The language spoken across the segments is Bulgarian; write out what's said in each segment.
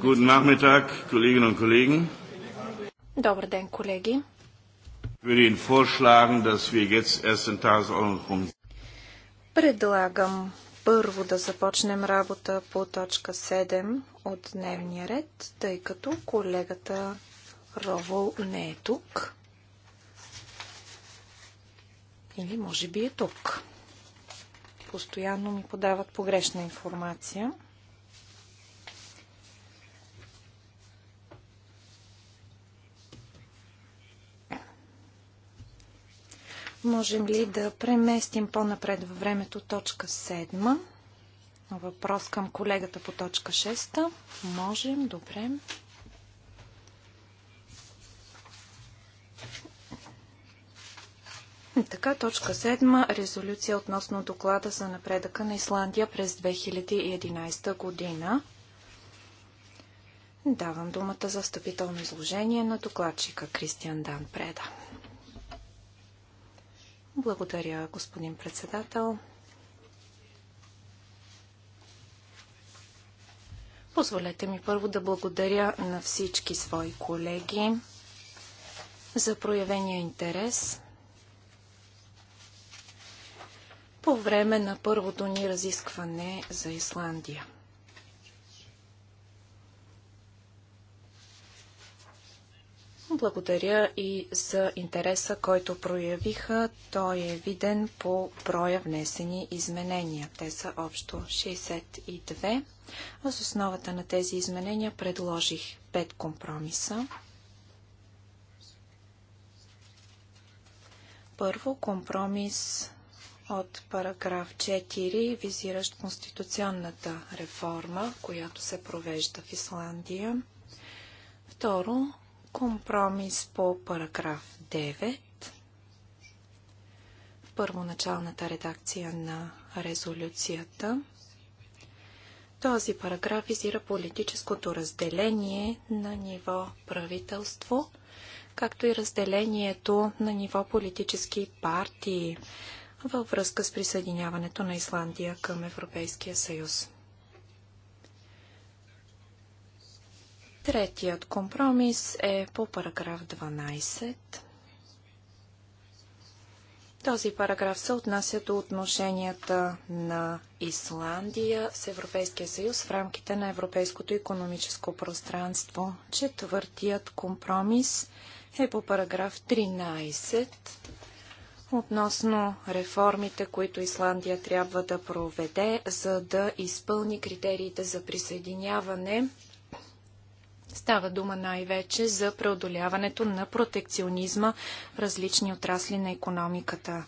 Guten Nachmittag, Kolleginnen und Kollegen. Добър ден, колеги. Предлагам първо да започнем работа по точка 7 от дневния ред, тъй като колегата Ровол не е тук. Или може би е тук. Постоянно ми подават погрешна информация. Можем ли да преместим по-напред във времето точка 7? Въпрос към колегата по точка 6. Можем, добре. Така, точка 7. Резолюция относно доклада за напредъка на Исландия през 2011 година. Давам думата за встъпително изложение на докладчика Кристиан Дан Преда. Благодаря, господин председател. Позволете ми първо да благодаря на всички свои колеги за проявения интерес по време на първото ни разискване за Исландия. Благодаря и за интереса, който проявиха. Той е виден по броя внесени изменения. Те са общо 62. Аз основата на тези изменения предложих 5 компромиса. Първо компромис от параграф 4, визиращ конституционната реформа, която се провежда в Исландия. Второ, Компромис по параграф 9. В първоначалната редакция на резолюцията. Този параграф визира политическото разделение на ниво правителство, както и разделението на ниво политически партии във връзка с присъединяването на Исландия към Европейския съюз. Третият компромис е по параграф 12. Този параграф се отнася до отношенията на Исландия с Европейския съюз в рамките на Европейското економическо пространство. Четвъртият компромис е по параграф 13 относно реформите, които Исландия трябва да проведе, за да изпълни критериите за присъединяване Става дума най-вече за преодоляването на протекционизма в различни отрасли на економиката.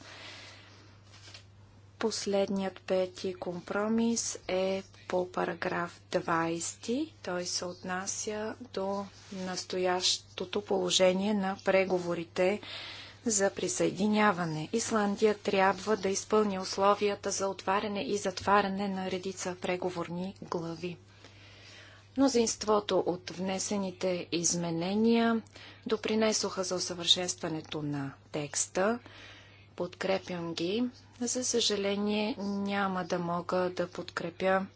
Последният пети компромис е по параграф 20. Той се отнася до настоящото положение на преговорите за присъединяване. Исландия трябва да изпълни условията за отваряне и затваряне на редица преговорни глави. Мнозинството от внесените изменения допринесоха за усъвършенстването на текста. Подкрепям ги. За съжаление няма да мога да подкрепя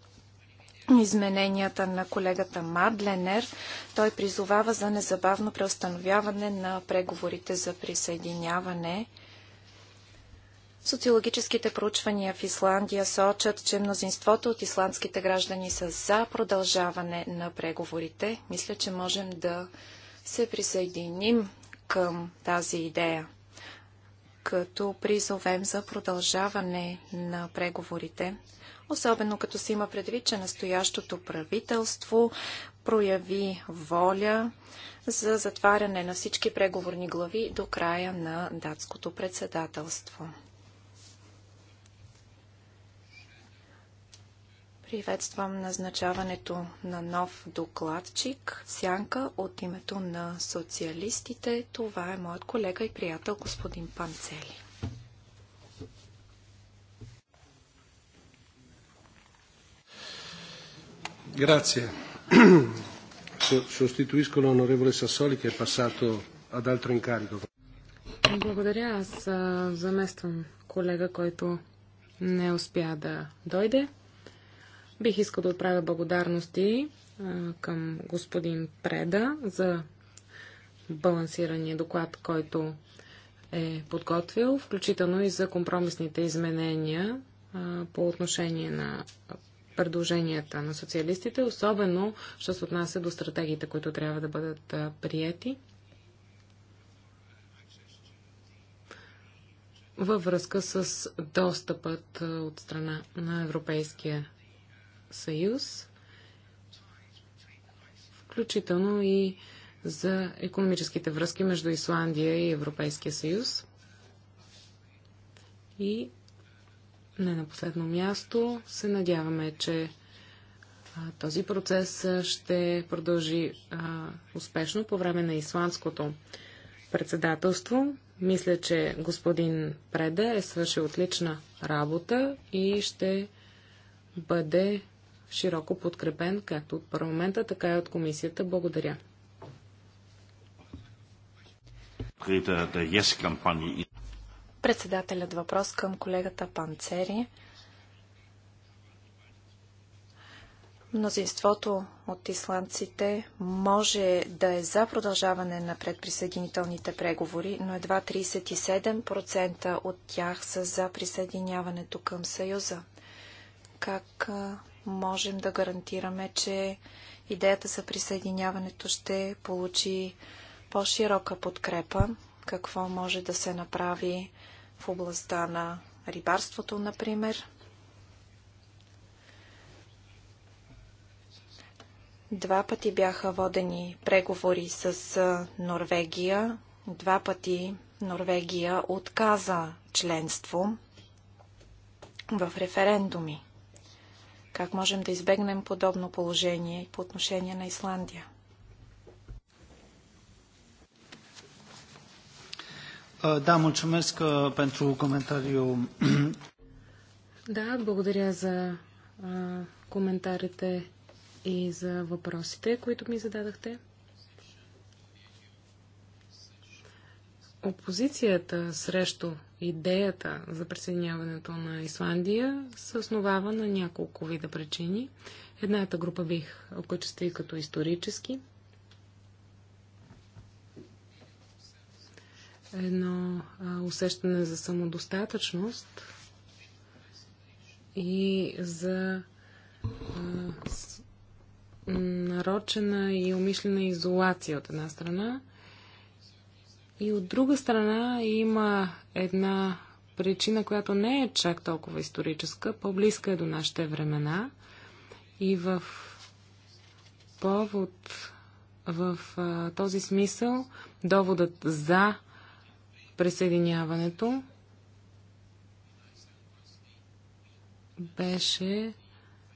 измененията на колегата Мадленер. Той призовава за незабавно преустановяване на преговорите за присъединяване. Социологическите проучвания в Исландия сочат, че мнозинството от исландските граждани са за продължаване на преговорите. Мисля, че можем да се присъединим към тази идея, като призовем за продължаване на преговорите, особено като се има предвид, че настоящото правителство прояви воля за затваряне на всички преговорни глави до края на датското председателство. Приветствам назначаването на нов докладчик, сянка от името на социалистите. Това е моят колега и приятел господин Панцели. Grazie. Sostituisco l'onorevole Sassoli che è passato ad altro incarico. Благодаря. Аз замествам колега, който не успя да дойде. Бих искал да отправя благодарности към господин Преда за балансирания доклад, който е подготвил, включително и за компромисните изменения по отношение на предложенията на социалистите, особено що се отнася до стратегиите, които трябва да бъдат приети. във връзка с достъпът от страна на Европейския съюз, включително и за економическите връзки между Исландия и Европейския съюз. И не на последно място се надяваме, че а, този процес ще продължи а, успешно по време на исландското председателство. Мисля, че господин Преда е свършил отлична работа и ще бъде широко подкрепен както от парламента, така и от комисията. Благодаря. Председателят въпрос към колегата Панцери. Мнозинството от исландците може да е за продължаване на предприсъединителните преговори, но едва 37% от тях са за присъединяването към Съюза. Как можем да гарантираме, че идеята за присъединяването ще получи по-широка подкрепа, какво може да се направи в областта на рибарството, например. Два пъти бяха водени преговори с Норвегия. Два пъти Норвегия отказа членство в референдуми. Как можем да избегнем подобно положение по отношение на Исландия? Е, да, мълчамеска pentru коментарио. Да, благодаря за е, коментарите и за въпросите, които ми зададахте. опозицията срещу идеята за присъединяването на Исландия се основава на няколко вида причини. Едната група бих окачестви като исторически. Едно усещане за самодостатъчност и за нарочена и умишлена изолация от една страна – и от друга страна има една причина, която не е чак толкова историческа, по-близка е до нашите времена и в повод в а, този смисъл доводът за присъединяването беше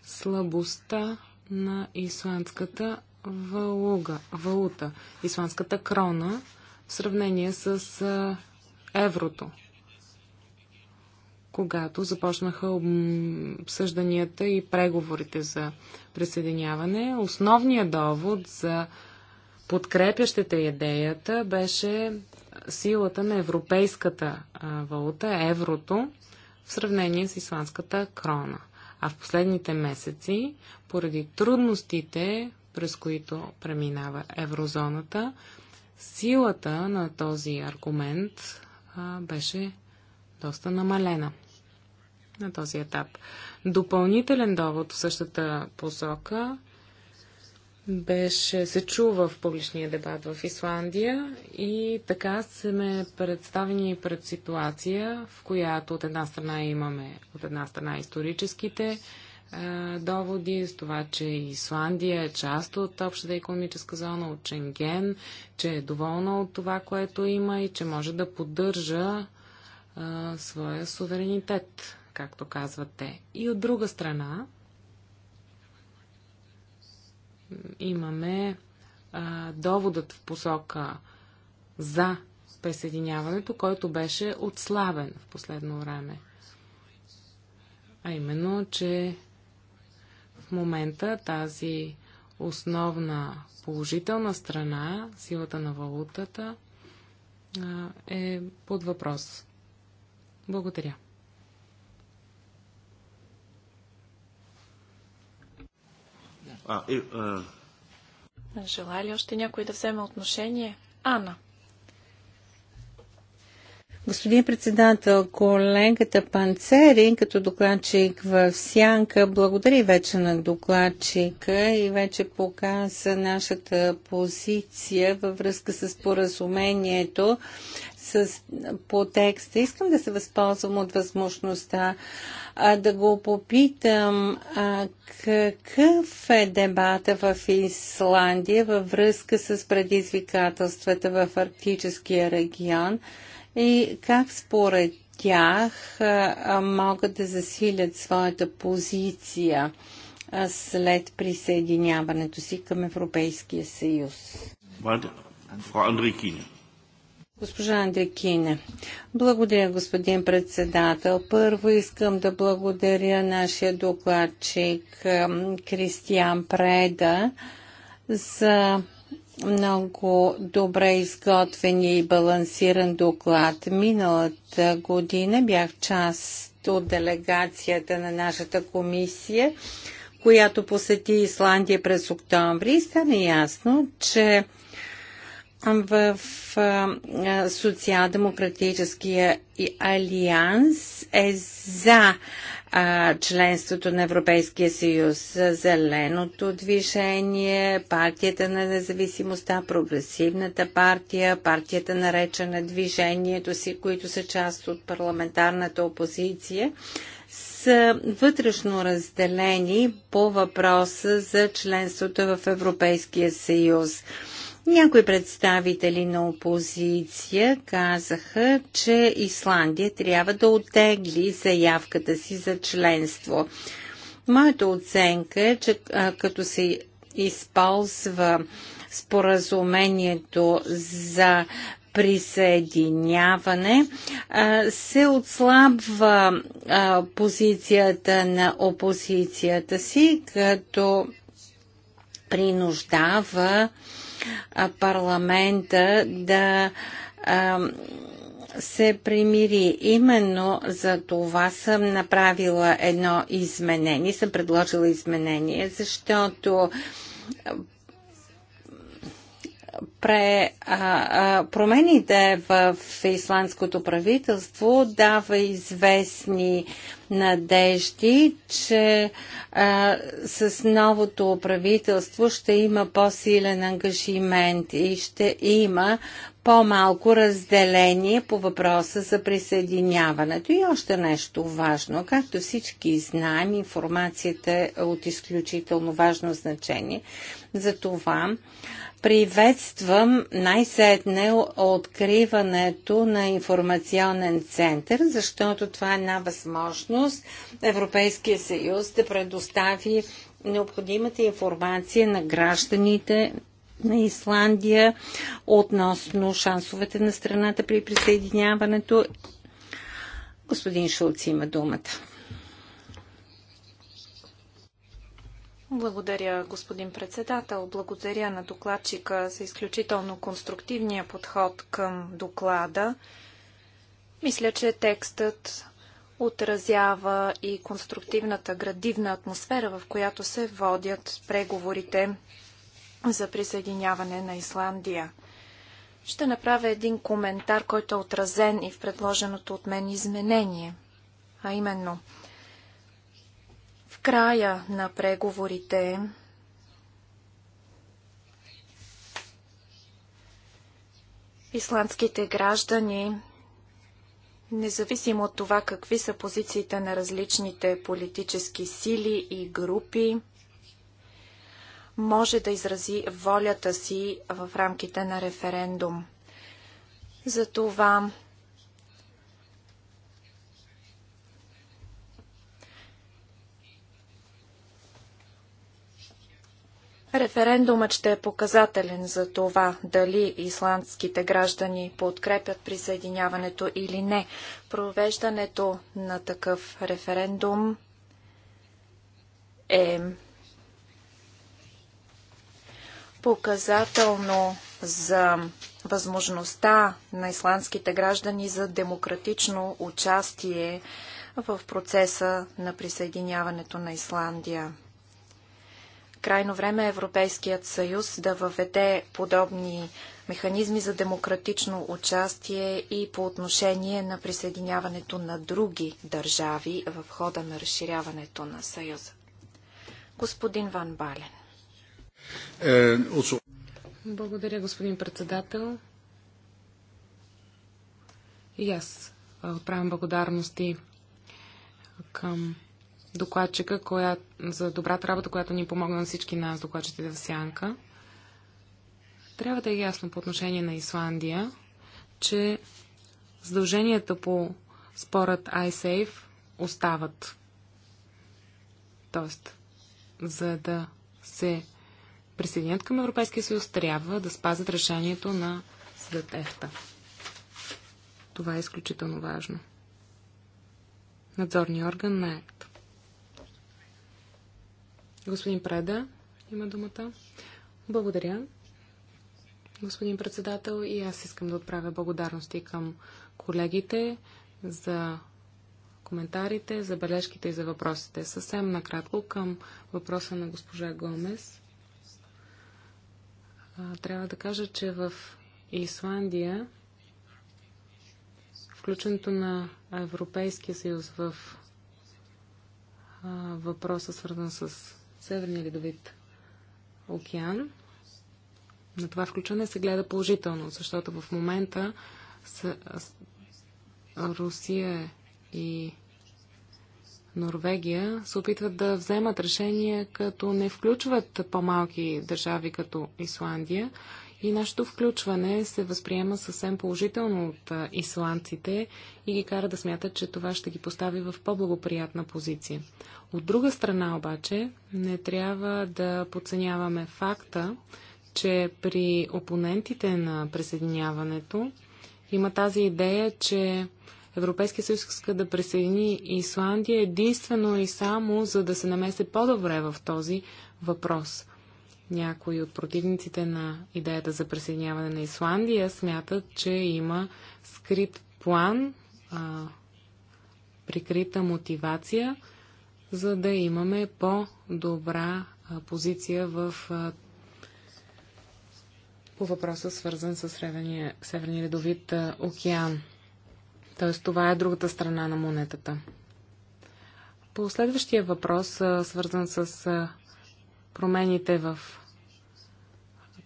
слабостта на исландската валуга, валута, исландската крона, в сравнение с еврото. Когато започнаха обсъжданията и преговорите за присъединяване, основният довод за подкрепящата идеята беше силата на европейската валута, еврото, в сравнение с исландската крона. А в последните месеци, поради трудностите, през които преминава еврозоната, силата на този аргумент а, беше доста намалена на този етап. Допълнителен довод в същата посока беше, се чу в публичния дебат в Исландия и така сме представени пред ситуация, в която от една страна имаме от една страна историческите доводи, с това, че Исландия е част от общата економическа зона, от Ченген, че е доволна от това, което има и че може да поддържа а, своя суверенитет, както казват те. И от друга страна имаме а, доводът в посока за присъединяването, който беше отслабен в последно време. А именно, че в момента тази основна положителна страна, силата на валутата, е под въпрос. Благодаря. А, и, а... Желая ли още някой да вземе отношение? Ана. Господин председател, колегата Панцерин, като докладчик в Сянка, благодари вече на докладчика и вече показа нашата позиция във връзка с поразумението с, по текста. Искам да се възползвам от възможността а, да го попитам а, какъв е дебата в Исландия във връзка с предизвикателствата в Арктическия регион и как според тях могат да засилят своята позиция след присъединяването си към Европейския съюз. Госпожа Андрекине, благодаря, господин председател. Първо искам да благодаря нашия докладчик Кристиан Преда за много добре изготвен и балансиран доклад. Миналата година бях част от делегацията на нашата комисия, която посети Исландия през октомври и стана ясно, че в Социал-демократическия алианс е за членството на Европейския съюз, Зеленото движение, партията на независимостта, прогресивната партия, партията наречена движението си, които са част от парламентарната опозиция, са вътрешно разделени по въпроса за членството в Европейския съюз. Някои представители на опозиция казаха, че Исландия трябва да отегли заявката си за членство. Моята оценка е, че като се използва споразумението за присъединяване се отслабва позицията на опозицията си, като принуждава парламента да се примири. Именно за това съм направила едно изменение, съм предложила изменение, защото пре, а, а, промените в, исландското правителство дава известни надежди, че а, с новото правителство ще има по-силен ангажимент и ще има по-малко разделение по въпроса за присъединяването. И още нещо важно. Както всички знаем, информацията е от изключително важно значение. За това Приветствам най-сетне откриването на информационен център, защото това е една възможност Европейския съюз да предостави необходимата информация на гражданите на Исландия относно шансовете на страната при присъединяването. Господин Шулц има думата. Благодаря, господин председател. Благодаря на докладчика за изключително конструктивния подход към доклада. Мисля, че текстът отразява и конструктивната градивна атмосфера, в която се водят преговорите за присъединяване на Исландия. Ще направя един коментар, който е отразен и в предложеното от мен изменение, а именно – края на преговорите исландските граждани, независимо от това какви са позициите на различните политически сили и групи, може да изрази волята си в рамките на референдум. Затова Референдумът ще е показателен за това дали исландските граждани подкрепят присъединяването или не. Провеждането на такъв референдум е показателно за възможността на исландските граждани за демократично участие в процеса на присъединяването на Исландия. Крайно време Европейският съюз да въведе подобни механизми за демократично участие и по отношение на присъединяването на други държави в хода на разширяването на съюза. Господин Ван Бален. Е, Благодаря, господин председател. И аз отправям благодарности към докладчика коя, за добрата работа, която ни помогна на всички нас, докладчите в Сянка. Трябва да е ясно по отношение на Исландия, че задълженията по спорът iSafe остават. Тоест, за да се присъединят към Европейския съюз, трябва да спазят решението на съдът ЕФТА. Това е изключително важно. Надзорният орган на Господин Преда има думата. Благодаря. Господин председател, и аз искам да отправя благодарности към колегите за коментарите, за бележките и за въпросите. Съвсем накратко към въпроса на госпожа Гомес. Трябва да кажа, че в Исландия включването на Европейския съюз в въпроса, свързан с Северния ледовит океан. На това включване се гледа положително, защото в момента с, Русия и Норвегия се опитват да вземат решения, като не включват по-малки държави като Исландия и нашето включване се възприема съвсем положително от исландците и ги кара да смятат, че това ще ги постави в по-благоприятна позиция. От друга страна обаче не трябва да подценяваме факта, че при опонентите на присъединяването има тази идея, че Европейския съюз иска да присъедини Исландия единствено и само за да се намесе по-добре в този въпрос – някои от противниците на идеята за присъединяване на Исландия смятат, че има скрит план, а, прикрита мотивация, за да имаме по-добра позиция в а, по въпроса, свързан с Северния, Северния ледовит океан. Тоест, това е другата страна на монетата. По следващия въпрос, свързан с промените в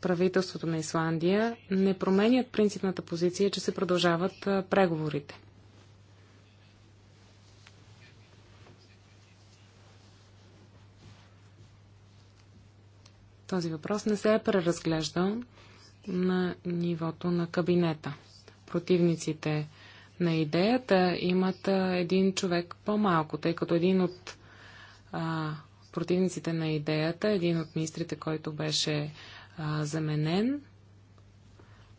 правителството на Исландия не променят принципната позиция, че се продължават преговорите. Този въпрос не се е преразглеждал на нивото на кабинета. Противниците на идеята имат един човек по-малко, тъй като един от а, противниците на идеята, един от министрите, който беше а, заменен,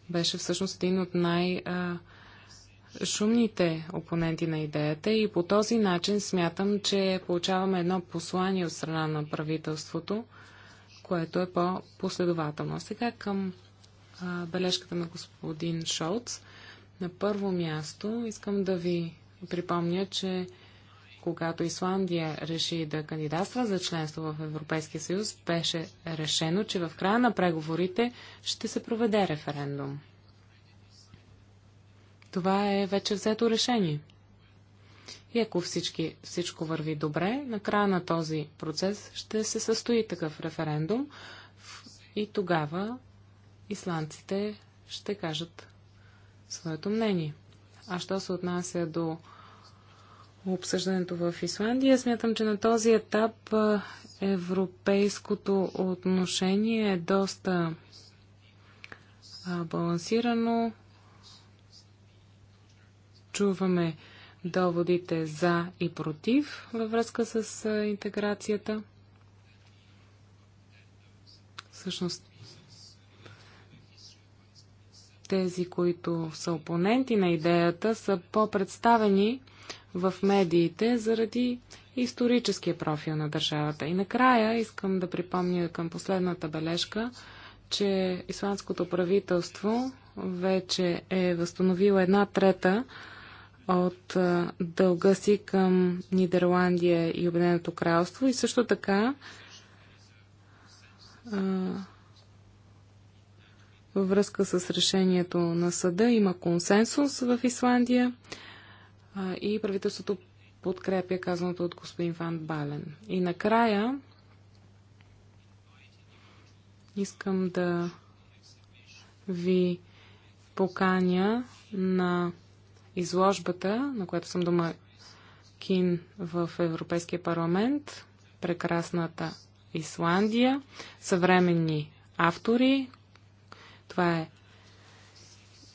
беше всъщност един от най- а, шумните опоненти на идеята и по този начин смятам, че получаваме едно послание от страна на правителството, което е по-последователно. Сега към а, бележката на господин Шолц. На първо място искам да ви припомня, че когато Исландия реши да кандидатства за членство в Европейския съюз, беше решено, че в края на преговорите ще се проведе референдум. Това е вече взето решение. И ако всички, всичко върви добре, на края на този процес ще се състои такъв референдум и тогава исландците ще кажат своето мнение. А що се отнася до обсъждането в Исландия. Смятам, че на този етап европейското отношение е доста балансирано. Чуваме доводите за и против във връзка с интеграцията. Всъщност, тези, които са опоненти на идеята, са по-представени в медиите заради историческия профил на държавата. И накрая искам да припомня към последната бележка, че исландското правителство вече е възстановило една трета от дълга си към Нидерландия и Обединеното кралство и също така във връзка с решението на съда има консенсус в Исландия и правителството подкрепя казаното от господин Ван Бален. И накрая искам да ви поканя на изложбата, на която съм дома Кин в Европейския парламент, прекрасната Исландия, съвременни автори. Това е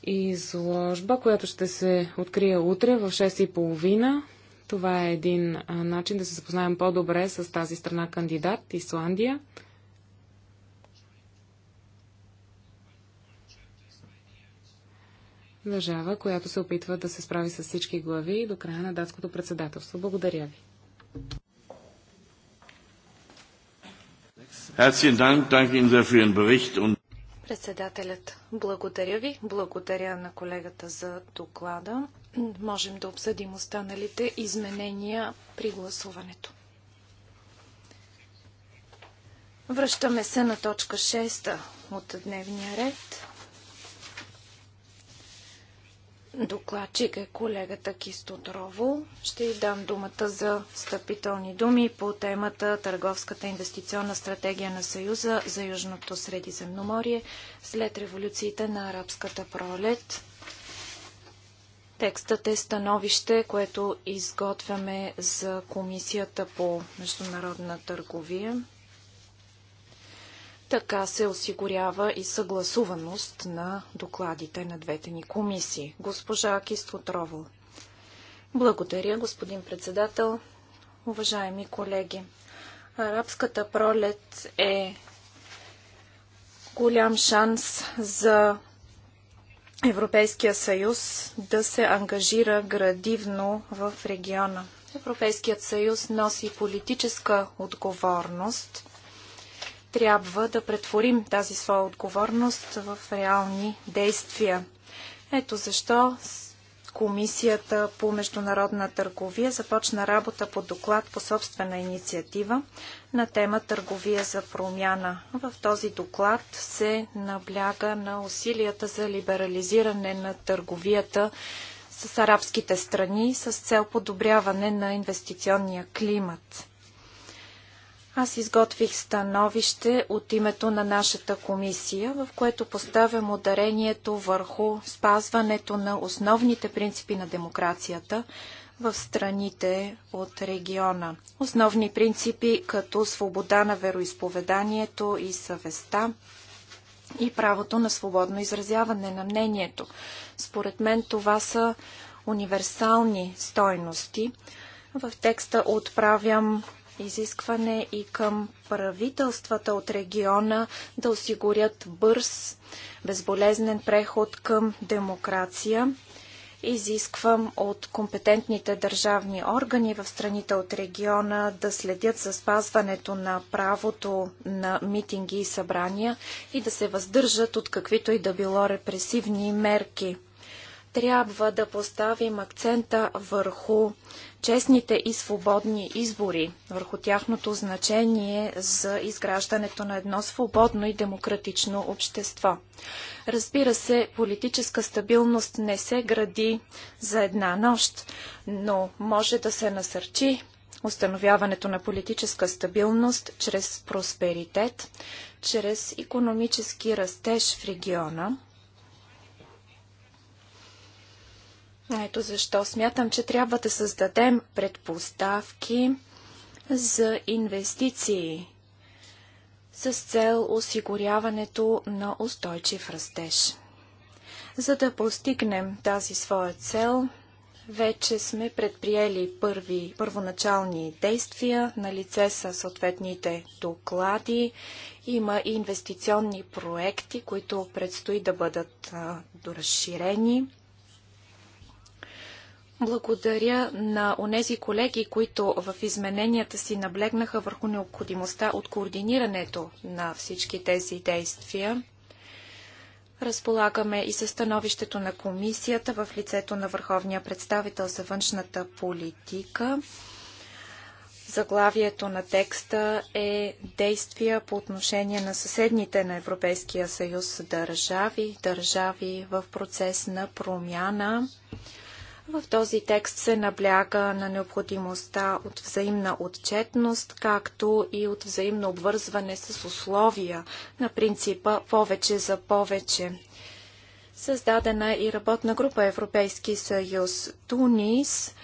изложба, която ще се открие утре в 6.30. Това е един начин да се запознаем по-добре с тази страна кандидат, Исландия. Държава, която се опитва да се справи с всички глави до края на датското председателство. Благодаря ви. Herzlichen Dank, danke Ihnen sehr für Ihren Bericht und Председателят, благодаря ви. Благодаря на колегата за доклада. Можем да обсъдим останалите изменения при гласуването. Връщаме се на точка 6 от дневния ред. Докладчик е колегата Кистодрово. Ще й дам думата за встъпителни думи по темата Търговската инвестиционна стратегия на Съюза за Южното Средиземноморие след революциите на арабската пролет. Текстът е становище, което изготвяме за Комисията по международна търговия. Така се осигурява и съгласуваност на докладите на двете ни комисии. Госпожа Кистотрова. Благодаря, господин председател. Уважаеми колеги, арабската пролет е голям шанс за Европейския съюз да се ангажира градивно в региона. Европейският съюз носи политическа отговорност трябва да претворим тази своя отговорност в реални действия. Ето защо Комисията по международна търговия започна работа по доклад по собствена инициатива на тема Търговия за промяна. В този доклад се набляга на усилията за либерализиране на търговията с арабските страни с цел подобряване на инвестиционния климат. Аз изготвих становище от името на нашата комисия, в което поставям ударението върху спазването на основните принципи на демокрацията в страните от региона. Основни принципи като свобода на вероисповеданието и съвестта и правото на свободно изразяване на мнението. Според мен това са универсални стойности. В текста отправям изискване и към правителствата от региона да осигурят бърз, безболезнен преход към демокрация. Изисквам от компетентните държавни органи в страните от региона да следят за спазването на правото на митинги и събрания и да се въздържат от каквито и да било репресивни мерки. Трябва да поставим акцента върху честните и свободни избори, върху тяхното значение за изграждането на едно свободно и демократично общество. Разбира се, политическа стабилност не се гради за една нощ, но може да се насърчи установяването на политическа стабилност чрез просперитет, чрез економически растеж в региона – Ето защо смятам, че трябва да създадем предпоставки за инвестиции с цел осигуряването на устойчив растеж. За да постигнем тази своя цел, вече сме предприели първи, първоначални действия, на лице са съответните доклади, има и инвестиционни проекти, които предстои да бъдат а, доразширени. Благодаря на онези колеги, които в измененията си наблегнаха върху необходимостта от координирането на всички тези действия. Разполагаме и със становището на комисията в лицето на Върховния представител за външната политика. Заглавието на текста е Действия по отношение на съседните на Европейския съюз държави, държави в процес на промяна. В този текст се набляга на необходимостта от взаимна отчетност, както и от взаимно обвързване с условия на принципа повече за повече. Създадена е и работна група Европейски съюз Тунис.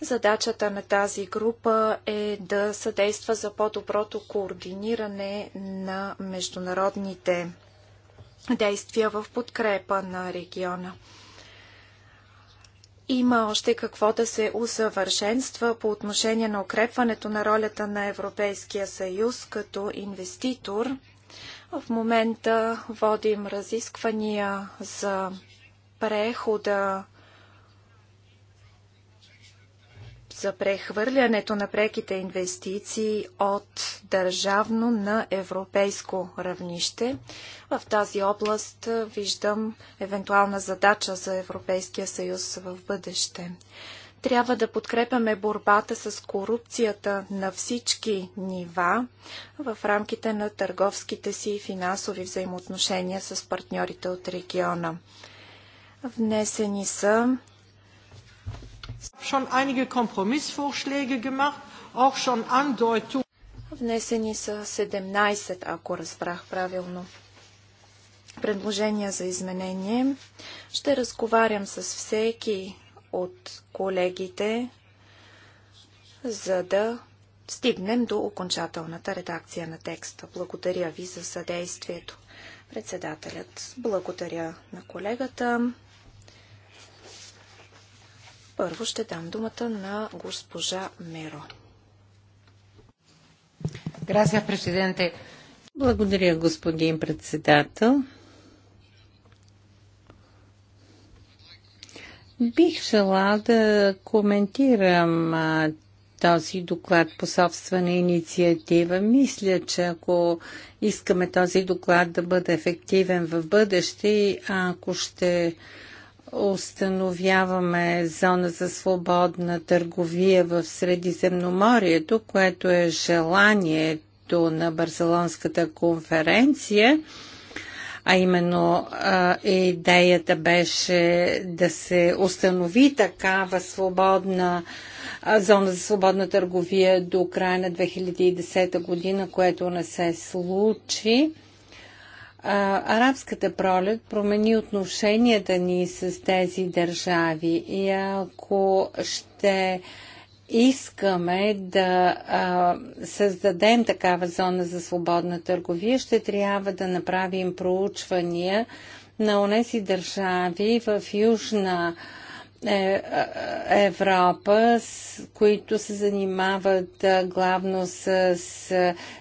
Задачата на тази група е да съдейства за по-доброто координиране на международните действия в подкрепа на региона. Има още какво да се усъвършенства по отношение на укрепването на ролята на Европейския съюз като инвеститор. В момента водим разисквания за прехода за прехвърлянето на преките инвестиции от държавно на европейско равнище. В тази област виждам евентуална задача за Европейския съюз в бъдеще. Трябва да подкрепяме борбата с корупцията на всички нива в рамките на търговските си финансови взаимоотношения с партньорите от региона. Внесени са Внесени са 17, ако разбрах правилно. Предложения за изменение. Ще разговарям с всеки от колегите, за да стигнем до окончателната редакция на текста. Благодаря ви за съдействието. Председателят, благодаря на колегата. Първо ще дам думата на госпожа Меро. Грация, президенте. Благодаря, господин председател. Бих желал да коментирам а, този доклад по собствена инициатива. Мисля, че ако искаме този доклад да бъде ефективен в бъдеще, ако ще установяваме зона за свободна търговия в Средиземноморието, което е желанието на Барселонската конференция, а именно идеята беше да се установи такава свободна зона за свободна търговия до края на 2010 година, което не се случи а, арабската пролет промени отношенията ни с тези държави и ако ще искаме да а, създадем такава зона за свободна търговия, ще трябва да направим проучвания на онези държави в Южна а, е, е, Европа, които се занимават главно с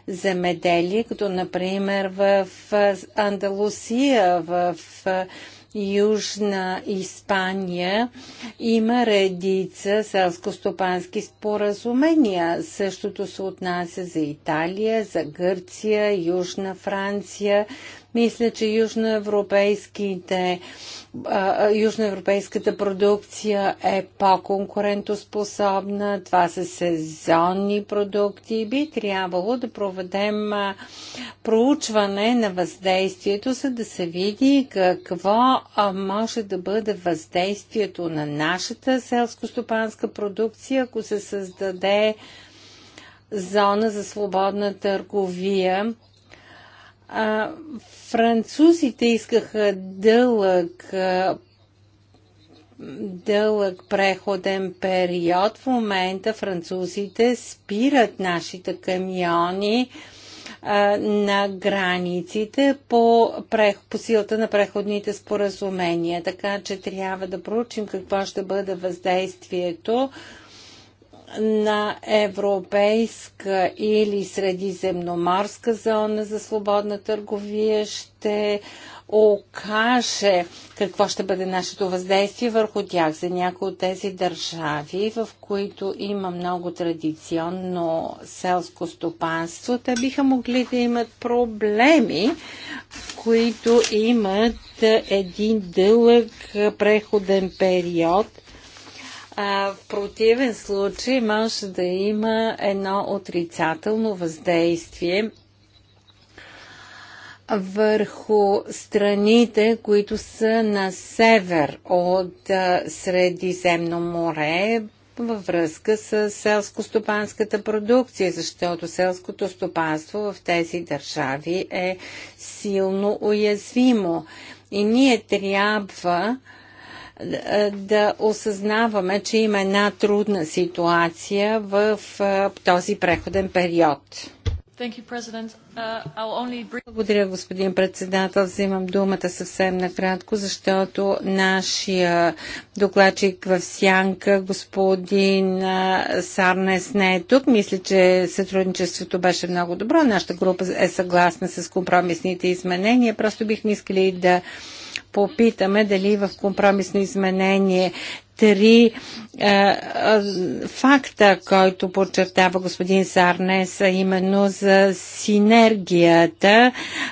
земеделие, като например в Андалусия, в Южна Испания има редица селско-стопански споразумения. Същото се отнася за Италия, за Гърция, Южна Франция. Мисля, че южноевропейските европейските южноевропейската продукция е по-конкурентоспособна, това са сезонни продукти би трябвало да проведем проучване на въздействието, за да се види какво може да бъде въздействието на нашата селско-стопанска продукция, ако се създаде зона за свободна търговия а, французите искаха дълъг, дълъг преходен период. В момента французите спират нашите камиони а, на границите по, прех, по силата на преходните споразумения. Така че трябва да проучим какво ще бъде въздействието на европейска или средиземноморска зона за свободна търговия ще окаже какво ще бъде нашето въздействие върху тях. За някои от тези държави, в които има много традиционно селско стопанство, те биха могли да имат проблеми, които имат един дълъг преходен период – а, в противен случай може да има едно отрицателно въздействие върху страните, които са на север от Средиземно море във връзка с селско-стопанската продукция, защото селското стопанство в тези държави е силно уязвимо. И ние трябва да осъзнаваме, че има една трудна ситуация в този преходен период. Uh, Благодаря, господин председател. Взимам думата съвсем накратко, защото нашия докладчик в Сянка, господин Сарнес, не е тук. Мисля, че сътрудничеството беше много добро. Нашата група е съгласна с компромисните изменения. Просто бихме искали да попитаме дали в компромисно изменение три е, е, факта, който подчертава господин Сарнес, а именно за синергията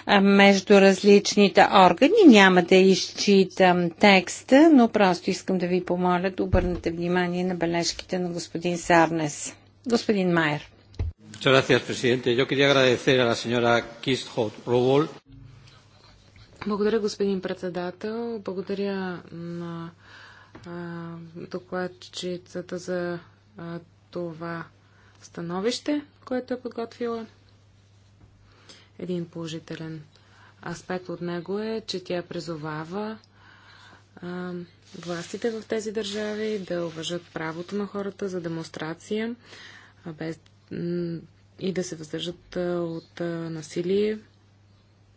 е, между различните органи. Няма да изчитам текста, но просто искам да ви помоля да обърнете внимание на бележките на господин Сарнес. Господин Майер. Muchas gracias, presidente. Yo quería agradecer a la señora kisthoff благодаря, господин председател. Благодаря на а, докладчицата за а, това становище, което е подготвила. Един положителен аспект от него е, че тя призовава а, властите в тези държави да уважат правото на хората за демонстрация а без, и да се въздържат а, от а, насилие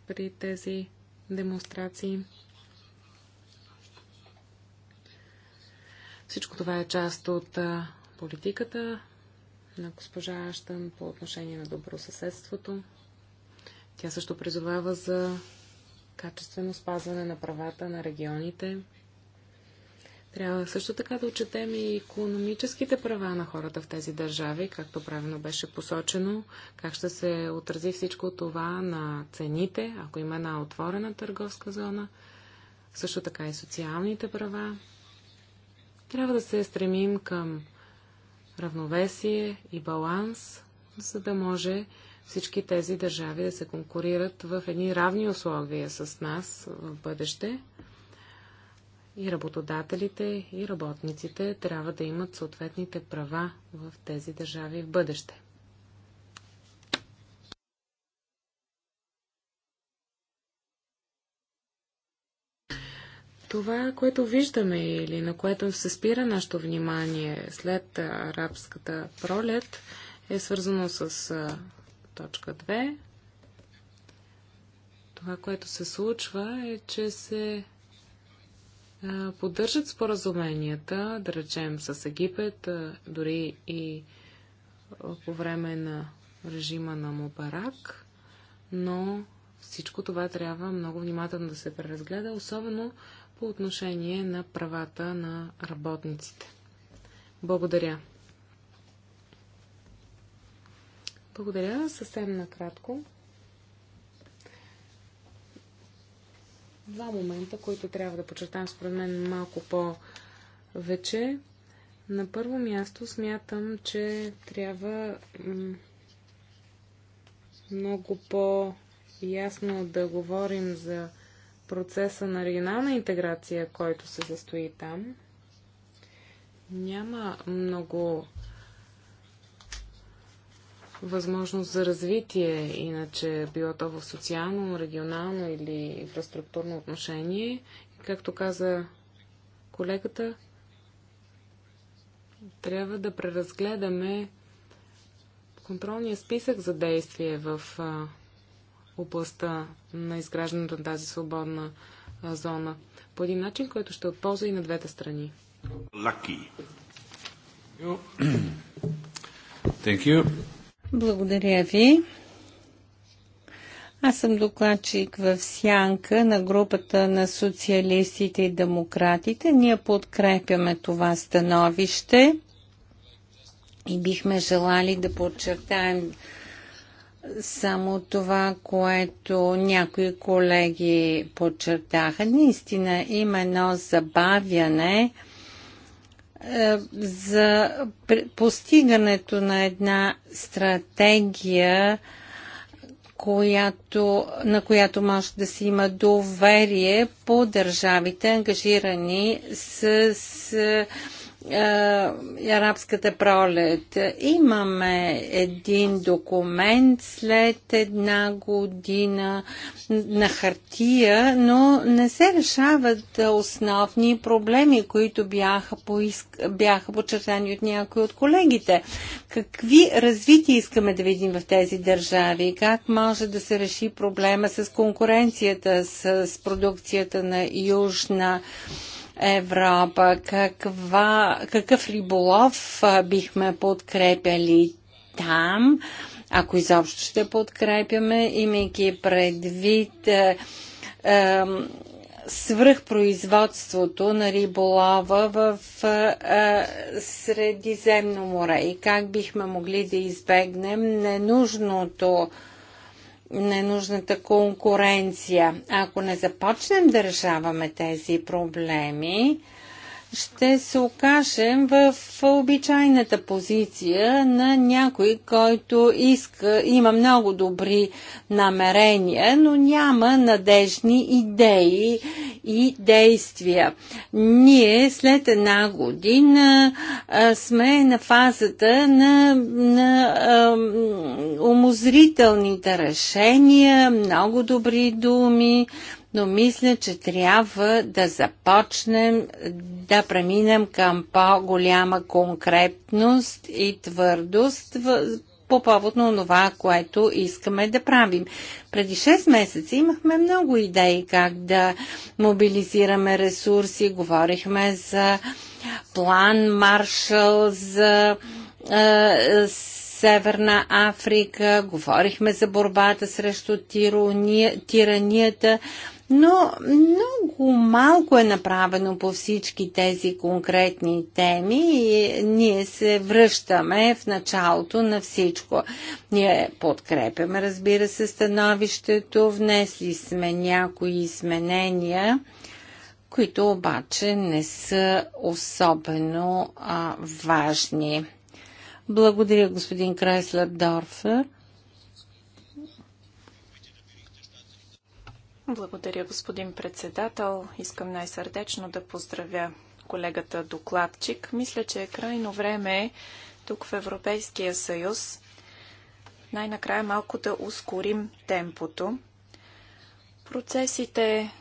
при тези демонстрации. Всичко това е част от политиката на госпожа Аштън по отношение на добросъседството. Тя също призовава за качествено спазване на правата на регионите трябва също така да отчетем и економическите права на хората в тези държави, както правилно беше посочено, как ще се отрази всичко това на цените, ако има една отворена търговска зона, също така и социалните права. Трябва да се стремим към равновесие и баланс, за да може всички тези държави да се конкурират в едни равни условия с нас в бъдеще. И работодателите, и работниците трябва да имат съответните права в тези държави в бъдеще. това, което виждаме или на което се спира нашето внимание след арабската пролет, е свързано с точка 2. Това, което се случва е, че се поддържат споразуменията, да речем с Египет, дори и по време на режима на Мубарак, но всичко това трябва много внимателно да се преразгледа, особено по отношение на правата на работниците. Благодаря. Благодаря. Съвсем накратко. два момента, които трябва да почертам според мен малко по-вече. На първо място смятам, че трябва много по-ясно да говорим за процеса на регионална интеграция, който се състои там. Няма много възможност за развитие, иначе било то в социално, регионално или инфраструктурно отношение. Както каза колегата, трябва да преразгледаме контролния списък за действие в областта на изграждането на тази свободна зона по един начин, който ще отползва и на двете страни. Lucky. Thank you. Благодаря ви. Аз съм докладчик в сянка на групата на социалистите и демократите. Ние подкрепяме това становище и бихме желали да подчертаем само това, което някои колеги подчертаха. Наистина има едно забавяне – е, за постигането на една стратегия, която, на която може да се има доверие по държавите, ангажирани с, с е, арабската пролет. Имаме един документ след една година на хартия, но не се решават основни проблеми, които бяха, поиск... бяха почертани от някои от колегите. Какви развития искаме да видим в тези държави? Как може да се реши проблема с конкуренцията, с продукцията на Южна Европа, каква, какъв риболов бихме подкрепяли там, ако изобщо ще подкрепяме, имайки предвид е, е, свръхпроизводството на риболова в е, Средиземно море и как бихме могли да избегнем ненужното е, ненужната конкуренция. Ако не започнем да решаваме тези проблеми, ще се окажем в обичайната позиция на някой, който иска, има много добри намерения, но няма надежни идеи и действия. Ние след една година сме на фазата на, на умозрителните решения, много добри думи, но мисля, че трябва да започнем да преминем към по-голяма конкретност и твърдост в, по повод на това, което искаме да правим. Преди 6 месеца имахме много идеи как да мобилизираме ресурси, говорихме за план Маршал, за е, Северна Африка, говорихме за борбата срещу тиранията, но много малко е направено по всички тези конкретни теми и ние се връщаме в началото на всичко. Ние подкрепяме, разбира се, становището, внесли сме някои изменения, които обаче не са особено а, важни. Благодаря, господин Крайслер Дорфер. Благодаря, господин председател. Искам най-сърдечно да поздравя колегата докладчик. Мисля, че е крайно време тук в Европейския съюз най-накрая малко да ускорим темпото. Процесите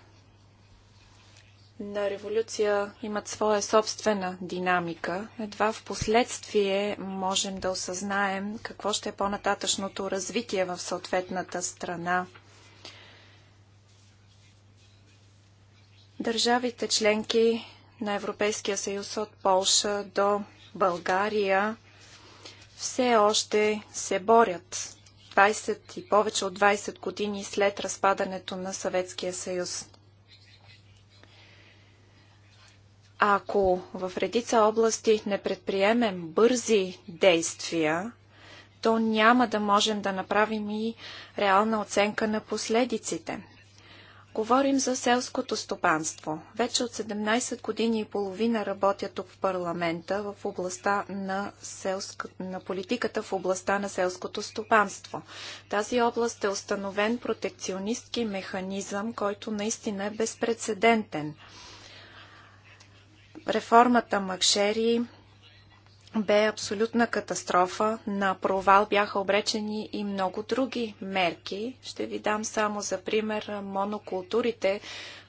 на революция имат своя собствена динамика. Едва в последствие можем да осъзнаем какво ще е по-нататъчното развитие в съответната страна – Държавите членки на Европейския съюз от Полша до България все още се борят 20 и повече от 20 години след разпадането на Съветския съюз. Ако в редица области не предприемем бързи действия, то няма да можем да направим и реална оценка на последиците. Говорим за селското стопанство. Вече от 17 години и половина работя тук в парламента в областта на, селска, на политиката в областта на селското стопанство. Тази област е установен протекционистки механизъм, който наистина е безпредседентен. Реформата Макшери, бе абсолютна катастрофа. На провал бяха обречени и много други мерки. Ще ви дам само за пример монокултурите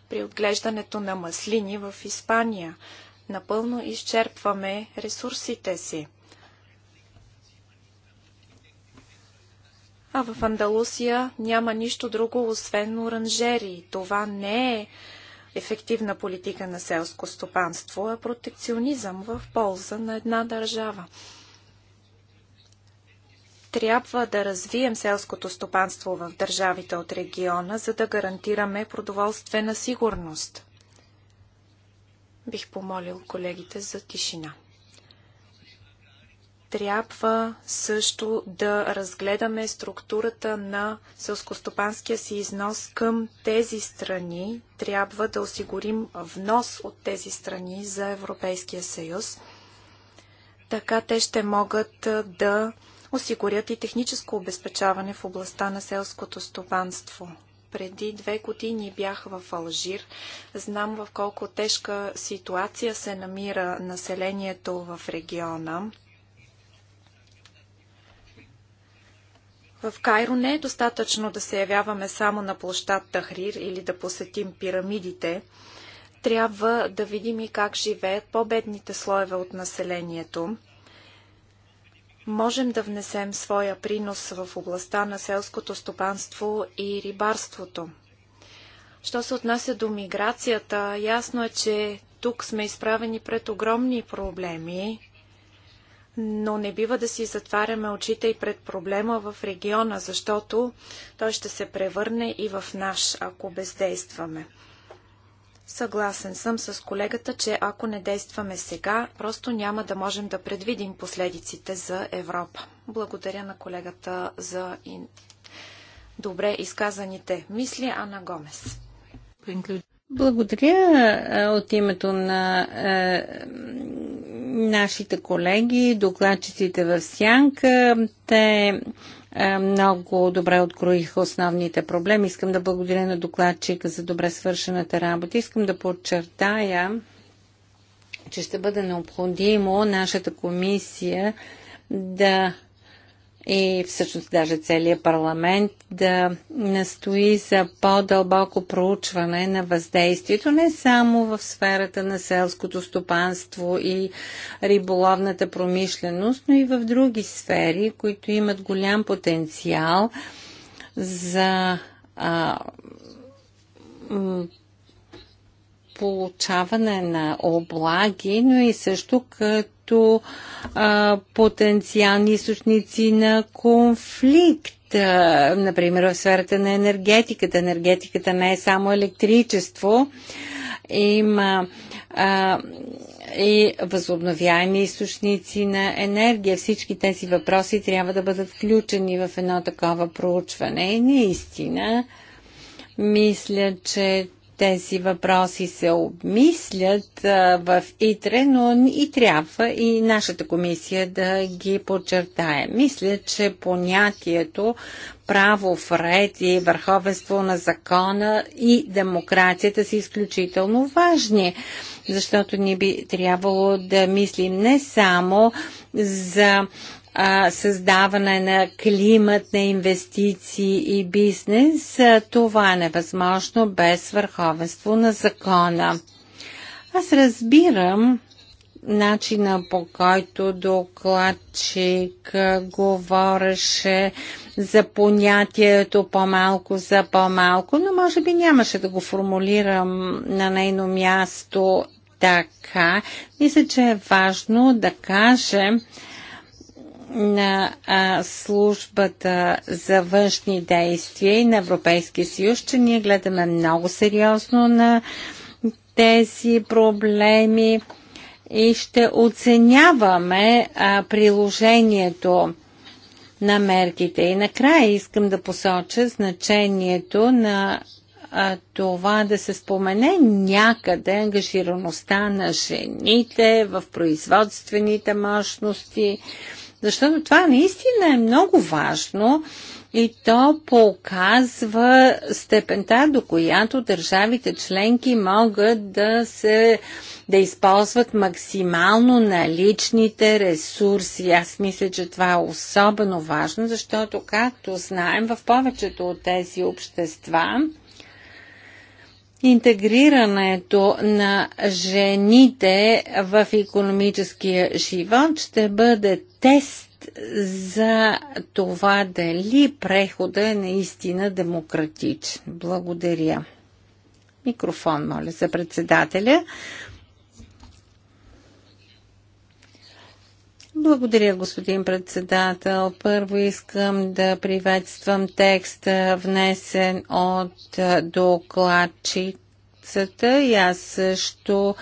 при отглеждането на маслини в Испания. Напълно изчерпваме ресурсите си. А в Андалусия няма нищо друго, освен оранжери. Това не е ефективна политика на селско стопанство, а протекционизъм в полза на една държава. Трябва да развием селското стопанство в държавите от региона, за да гарантираме продоволствена сигурност. Бих помолил колегите за тишина трябва също да разгледаме структурата на селскостопанския си износ към тези страни. Трябва да осигурим внос от тези страни за Европейския съюз. Така те ще могат да осигурят и техническо обезпечаване в областта на селското стопанство. Преди две години бях в Алжир. Знам в колко тежка ситуация се намира населението в региона. В Кайро не е достатъчно да се явяваме само на площад Тахрир или да посетим пирамидите. Трябва да видим и как живеят по-бедните слоеве от населението. Можем да внесем своя принос в областта на селското стопанство и рибарството. Що се отнася до миграцията, ясно е, че тук сме изправени пред огромни проблеми но не бива да си затваряме очите и пред проблема в региона, защото той ще се превърне и в наш, ако бездействаме. Съгласен съм с колегата, че ако не действаме сега, просто няма да можем да предвидим последиците за Европа. Благодаря на колегата за добре изказаните мисли. Ана Гомес. Благодаря от името на е, Нашите колеги, докладчиците в Сянка, те е, много добре откроиха основните проблеми. Искам да благодаря на докладчика за добре свършената работа. Искам да подчертая, че ще бъде необходимо нашата комисия да и всъщност даже целият парламент да настои за по-дълбоко проучване на въздействието не само в сферата на селското стопанство и риболовната промишленост, но и в други сфери, които имат голям потенциал за а, получаване на облаги, но и също като като а, потенциални източници на конфликт. Например, в сферата на енергетиката. Енергетиката не е само електричество. Има а, и възобновяеми източници на енергия. Всички тези въпроси трябва да бъдат включени в едно такова проучване. И наистина, мисля, че тези въпроси се обмислят в ИТРЕ, но и трябва и нашата комисия да ги подчертае. Мисля, че понятието право в ред и върховенство на закона и демокрацията са изключително важни, защото ни би трябвало да мислим не само за а, създаване на климат на инвестиции и бизнес, а, това е невъзможно без върховенство на закона. Аз разбирам начина по който докладчик говореше за понятието по-малко за по-малко, но може би нямаше да го формулирам на нейно място така. Мисля, че е важно да кажем, на а, службата за външни действия и на Европейския съюз, че ние гледаме много сериозно на тези проблеми и ще оценяваме а, приложението на мерките. И накрая искам да посоча значението на а, това да се спомене някъде ангажираността на жените в производствените мощности, защото това наистина е много важно и то показва степента, до която държавите членки могат да се да използват максимално наличните ресурси. Аз мисля, че това е особено важно, защото, както знаем, в повечето от тези общества интегрирането на жените в економическия живот ще бъде тест за това дали прехода е наистина демократичен. Благодаря. Микрофон, моля, за председателя. Благодаря, господин председател. Първо искам да приветствам текста, внесен от докладчицата и аз също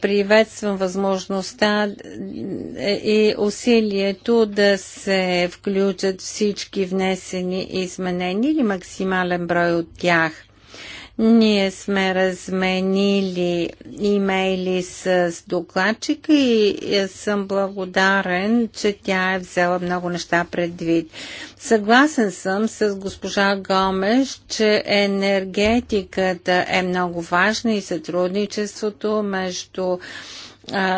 приветствам възможността е, и усилието да се включат всички внесени изменения или максимален брой от тях. Ние сме разменили имейли с докладчика и съм благодарен, че тя е взела много неща предвид. Съгласен съм с госпожа Гомеш, че енергетиката е много важна и сътрудничеството между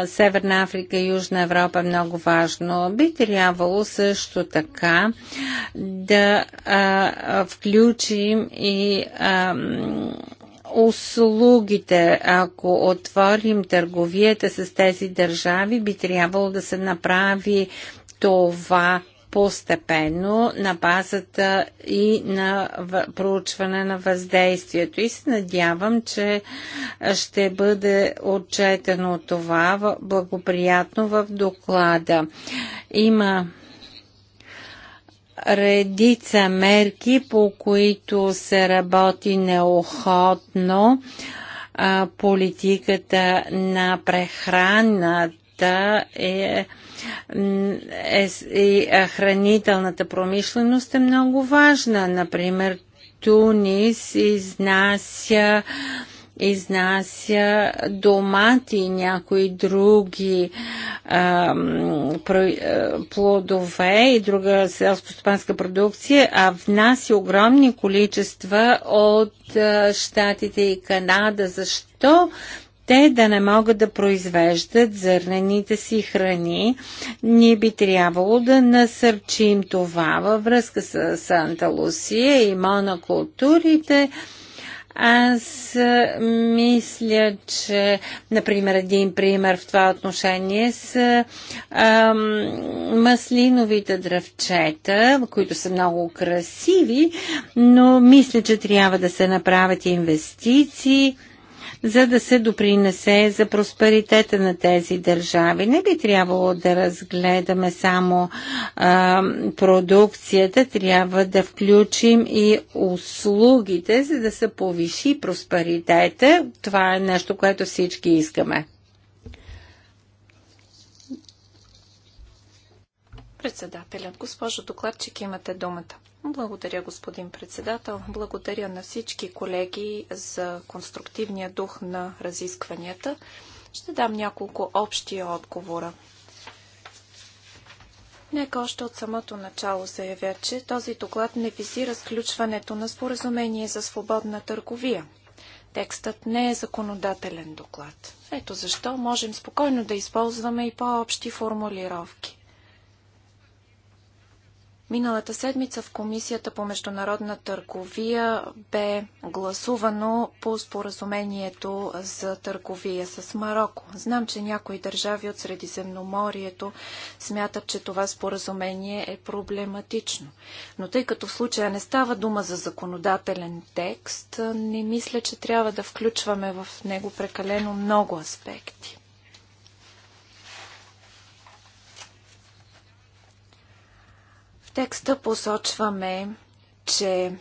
Северна Африка и Южна Европа е много важно. Би трябвало също така да а, включим и а, услугите, ако отворим търговията с тези държави, би трябвало да се направи това постепенно на базата и на проучване на въздействието. И се надявам, че ще бъде отчетено това благоприятно в доклада. Има редица мерки, по които се работи неохотно политиката на прехрана промишлеността е, е, е, е, хранителната промишленост е много важна. Например, Тунис изнася изнася домати и някои други е, плодове и друга селско селско-стопанска продукция, а внася огромни количества от Штатите е, и Канада. Защо те да не могат да произвеждат зърнените си храни. Ние би трябвало да насърчим това във връзка с Санта Лусия и монокултурите. Аз мисля, че, например, един пример в това отношение са ам, маслиновите дръвчета, които са много красиви, но мисля, че трябва да се направят инвестиции за да се допринесе за просперитета на тези държави. Не би трябвало да разгледаме само а, продукцията, трябва да включим и услугите, за да се повиши просперитета. Това е нещо, което всички искаме. Председателят, госпожо докладчик, имате думата. Благодаря, господин председател. Благодаря на всички колеги за конструктивния дух на разискванията. Ще дам няколко общи отговора. Нека още от самото начало заявя, че този доклад не визира сключването на споразумение за свободна търговия. Текстът не е законодателен доклад. Ето защо можем спокойно да използваме и по-общи формулировки. Миналата седмица в Комисията по международна търговия бе гласувано по споразумението за търговия с Марокко. Знам, че някои държави от Средиземноморието смятат, че това споразумение е проблематично. Но тъй като в случая не става дума за законодателен текст, не мисля, че трябва да включваме в него прекалено много аспекти. текста посочваме, че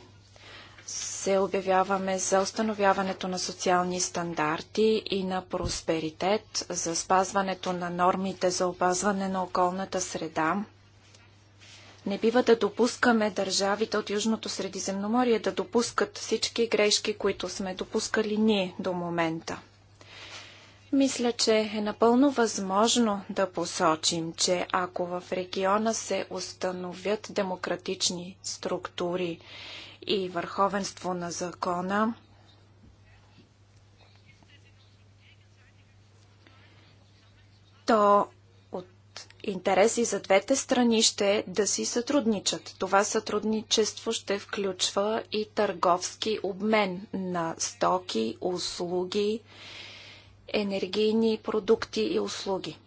се обявяваме за установяването на социални стандарти и на просперитет, за спазването на нормите за опазване на околната среда. Не бива да допускаме държавите от Южното Средиземноморие да допускат всички грешки, които сме допускали ние до момента. Мисля, че е напълно възможно да посочим, че ако в региона се установят демократични структури и върховенство на закона, то от интереси за двете страни ще е да си сътрудничат. Това сътрудничество ще включва и търговски обмен на стоки, услуги, енергийни продукти и услуги.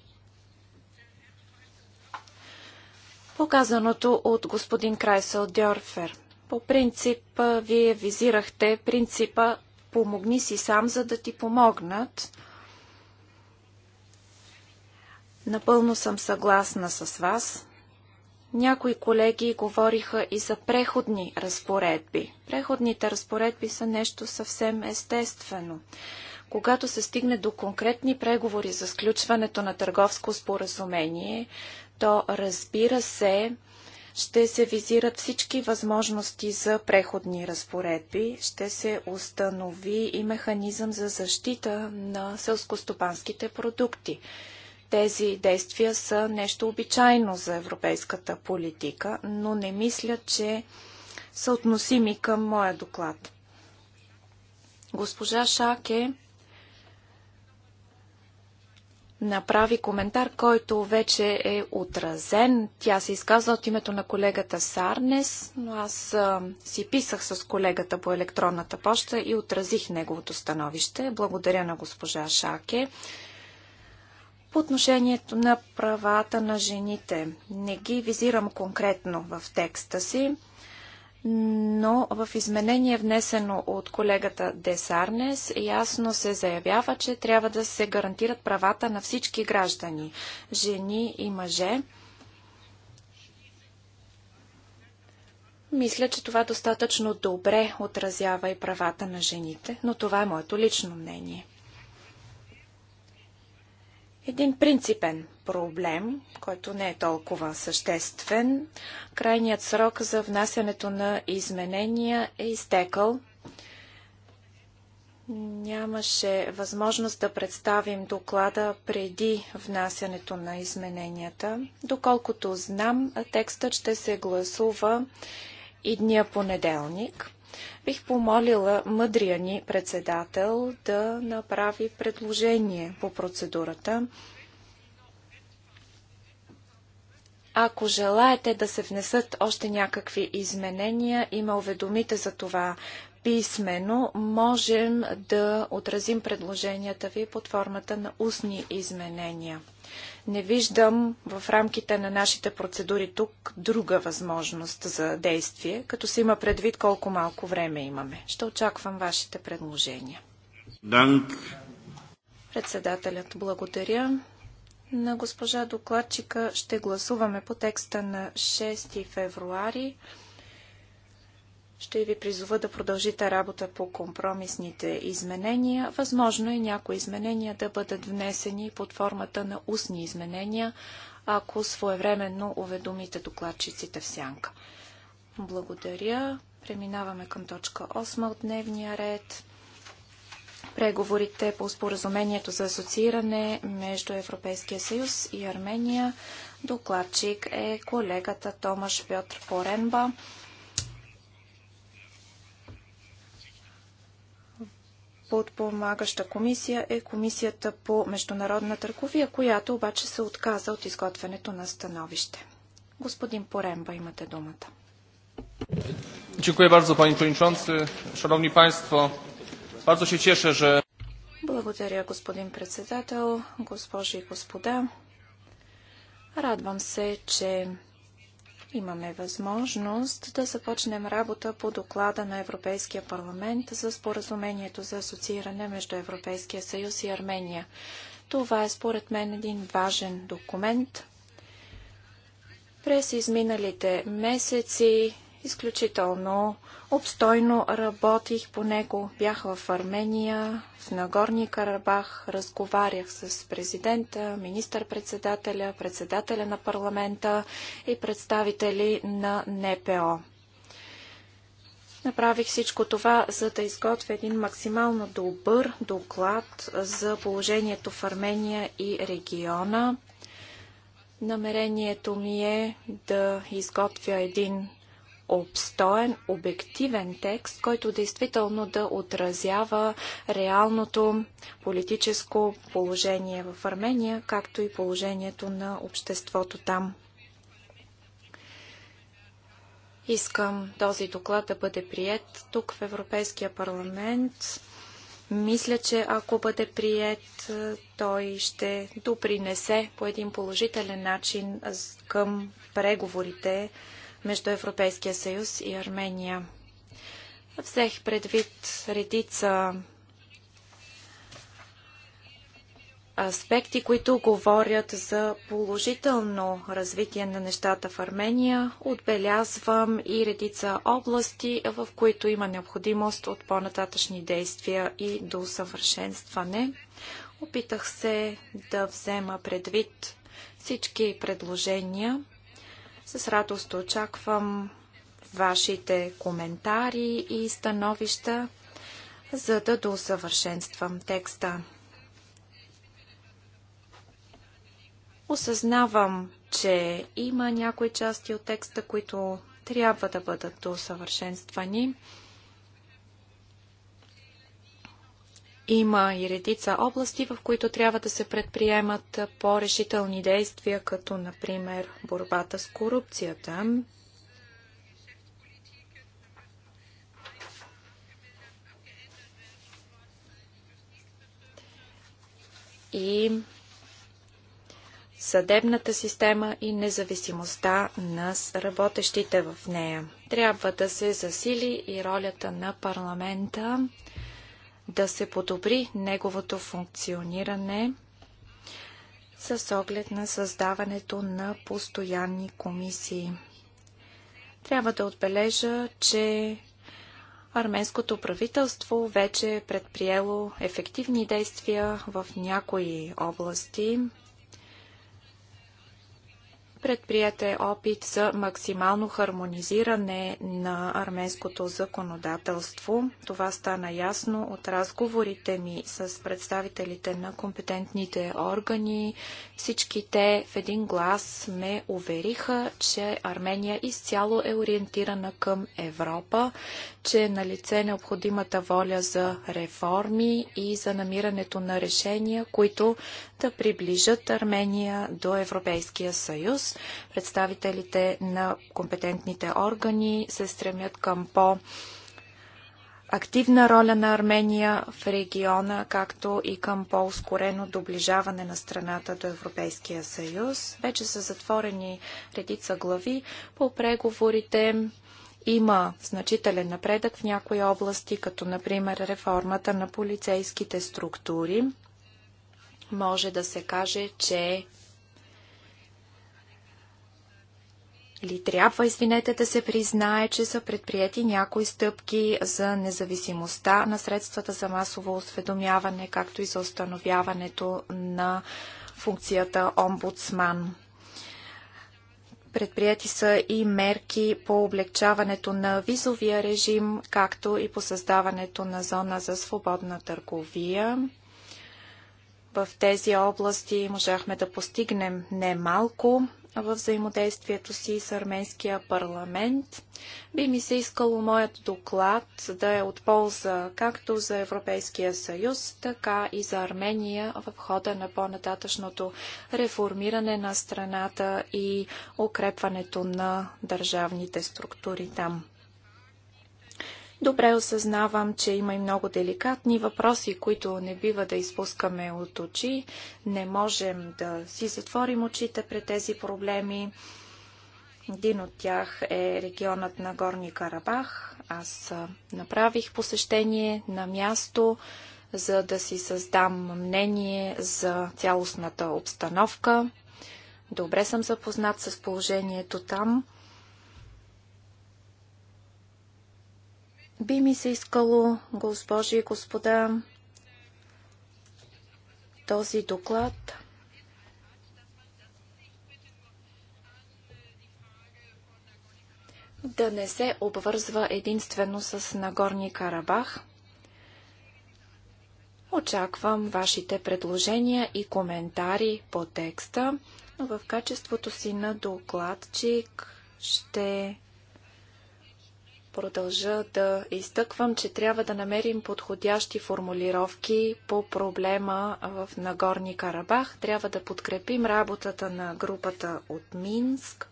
Показаното от господин Крайсел Дьорфер. По принцип, вие визирахте принципа помогни си сам, за да ти помогнат. Напълно съм съгласна с вас. Някои колеги говориха и за преходни разпоредби. Преходните разпоредби са нещо съвсем естествено. Когато се стигне до конкретни преговори за сключването на търговско споразумение, то разбира се, ще се визират всички възможности за преходни разпоредби, ще се установи и механизъм за защита на селскостопанските продукти. Тези действия са нещо обичайно за европейската политика, но не мисля, че са относими към моя доклад. Госпожа Шаке направи коментар, който вече е отразен. Тя се изказа от името на колегата Сарнес, но аз а, си писах с колегата по електронната поща и отразих неговото становище. Благодаря на госпожа Шаке. По отношението на правата на жените, не ги визирам конкретно в текста си но в изменение внесено от колегата Десарнес ясно се заявява, че трябва да се гарантират правата на всички граждани, жени и мъже. Мисля, че това достатъчно добре отразява и правата на жените, но това е моето лично мнение един принципен проблем, който не е толкова съществен. Крайният срок за внасянето на изменения е изтекал. Нямаше възможност да представим доклада преди внасянето на измененията. Доколкото знам, текстът ще се гласува и дния понеделник. Бих помолила мъдрия ни председател да направи предложение по процедурата. Ако желаете да се внесат още някакви изменения и уведомите за това писмено, можем да отразим предложенията ви под формата на устни изменения. Не виждам в рамките на нашите процедури тук друга възможност за действие, като се има предвид колко малко време имаме. Ще очаквам вашите предложения. Данк. Председателят благодаря. На госпожа докладчика ще гласуваме по текста на 6 февруари ще ви призова да продължите работа по компромисните изменения. Възможно е някои изменения да бъдат внесени под формата на устни изменения, ако своевременно уведомите докладчиците в сянка. Благодаря. Преминаваме към точка 8 от дневния ред. Преговорите по споразумението за асоцииране между Европейския съюз и Армения. Докладчик е колегата Томаш Пьотр Поренба. подпомагаща комисия е Комисията по международна търговия, която обаче се отказа от изготвянето на становище. Господин Поремба, имате думата. Благодаря, господин председател, госпожи и господа. Радвам се, че имаме възможност да започнем работа по доклада на Европейския парламент за споразумението за асоцииране между Европейския съюз и Армения. Това е според мен един важен документ. През изминалите месеци Изключително обстойно работих по него. Бях в Армения, в Нагорния Карабах, разговарях с президента, министър-председателя, председателя на парламента и представители на НПО. Направих всичко това, за да изготвя един максимално добър доклад за положението в Армения и региона. Намерението ми е да изготвя един обстоен, обективен текст, който действително да отразява реалното политическо положение в Армения, както и положението на обществото там. Искам този доклад да бъде прият тук в Европейския парламент. Мисля, че ако бъде прият, е, той ще допринесе по един положителен начин към преговорите между Европейския съюз и Армения. Взех предвид редица аспекти, които говорят за положително развитие на нещата в Армения. Отбелязвам и редица области, в които има необходимост от по-нататъчни действия и до съвършенстване. Опитах се да взема предвид всички предложения. С радост очаквам вашите коментари и становища, за да доусъвършенствам текста. Осъзнавам, че има някои части от текста, които трябва да бъдат доусъвършенствани. Има и редица области, в които трябва да се предприемат по-решителни действия, като например борбата с корупцията. И съдебната система и независимостта на работещите в нея. Трябва да се засили и ролята на парламента да се подобри неговото функциониране с оглед на създаването на постоянни комисии. Трябва да отбележа, че арменското правителство вече е предприело ефективни действия в някои области – Предприят е опит за максимално хармонизиране на арменското законодателство. Това стана ясно от разговорите ми с представителите на компетентните органи. Всички те в един глас ме увериха, че Армения изцяло е ориентирана към Европа, че е на лице необходимата воля за реформи и за намирането на решения, които да приближат Армения до Европейския съюз. Представителите на компетентните органи се стремят към по- активна роля на Армения в региона, както и към по-ускорено доближаване на страната до Европейския съюз. Вече са затворени редица глави по преговорите има значителен напредък в някои области, като например реформата на полицейските структури. Може да се каже, че или трябва, извинете, да се признае, че са предприяти някои стъпки за независимостта на средствата за масово осведомяване, както и за установяването на функцията омбудсман. Предприяти са и мерки по облегчаването на визовия режим, както и по създаването на зона за свободна търговия. В тези области можахме да постигнем немалко. малко в взаимодействието си с арменския парламент. Би ми се искало моят доклад да е от полза както за Европейския съюз, така и за Армения в хода на по-нататъчното реформиране на страната и укрепването на държавните структури там. Добре осъзнавам, че има и много деликатни въпроси, които не бива да изпускаме от очи. Не можем да си затворим очите пред тези проблеми. Един от тях е регионът на Горни Карабах. Аз направих посещение на място, за да си създам мнение за цялостната обстановка. Добре съм запознат с положението там. Би ми се искало, госпожи и господа, този доклад да не се обвързва единствено с Нагорни Карабах. Очаквам вашите предложения и коментари по текста. но В качеството си на докладчик ще продължа да изтъквам, че трябва да намерим подходящи формулировки по проблема в Нагорни Карабах. Трябва да подкрепим работата на групата от Минск.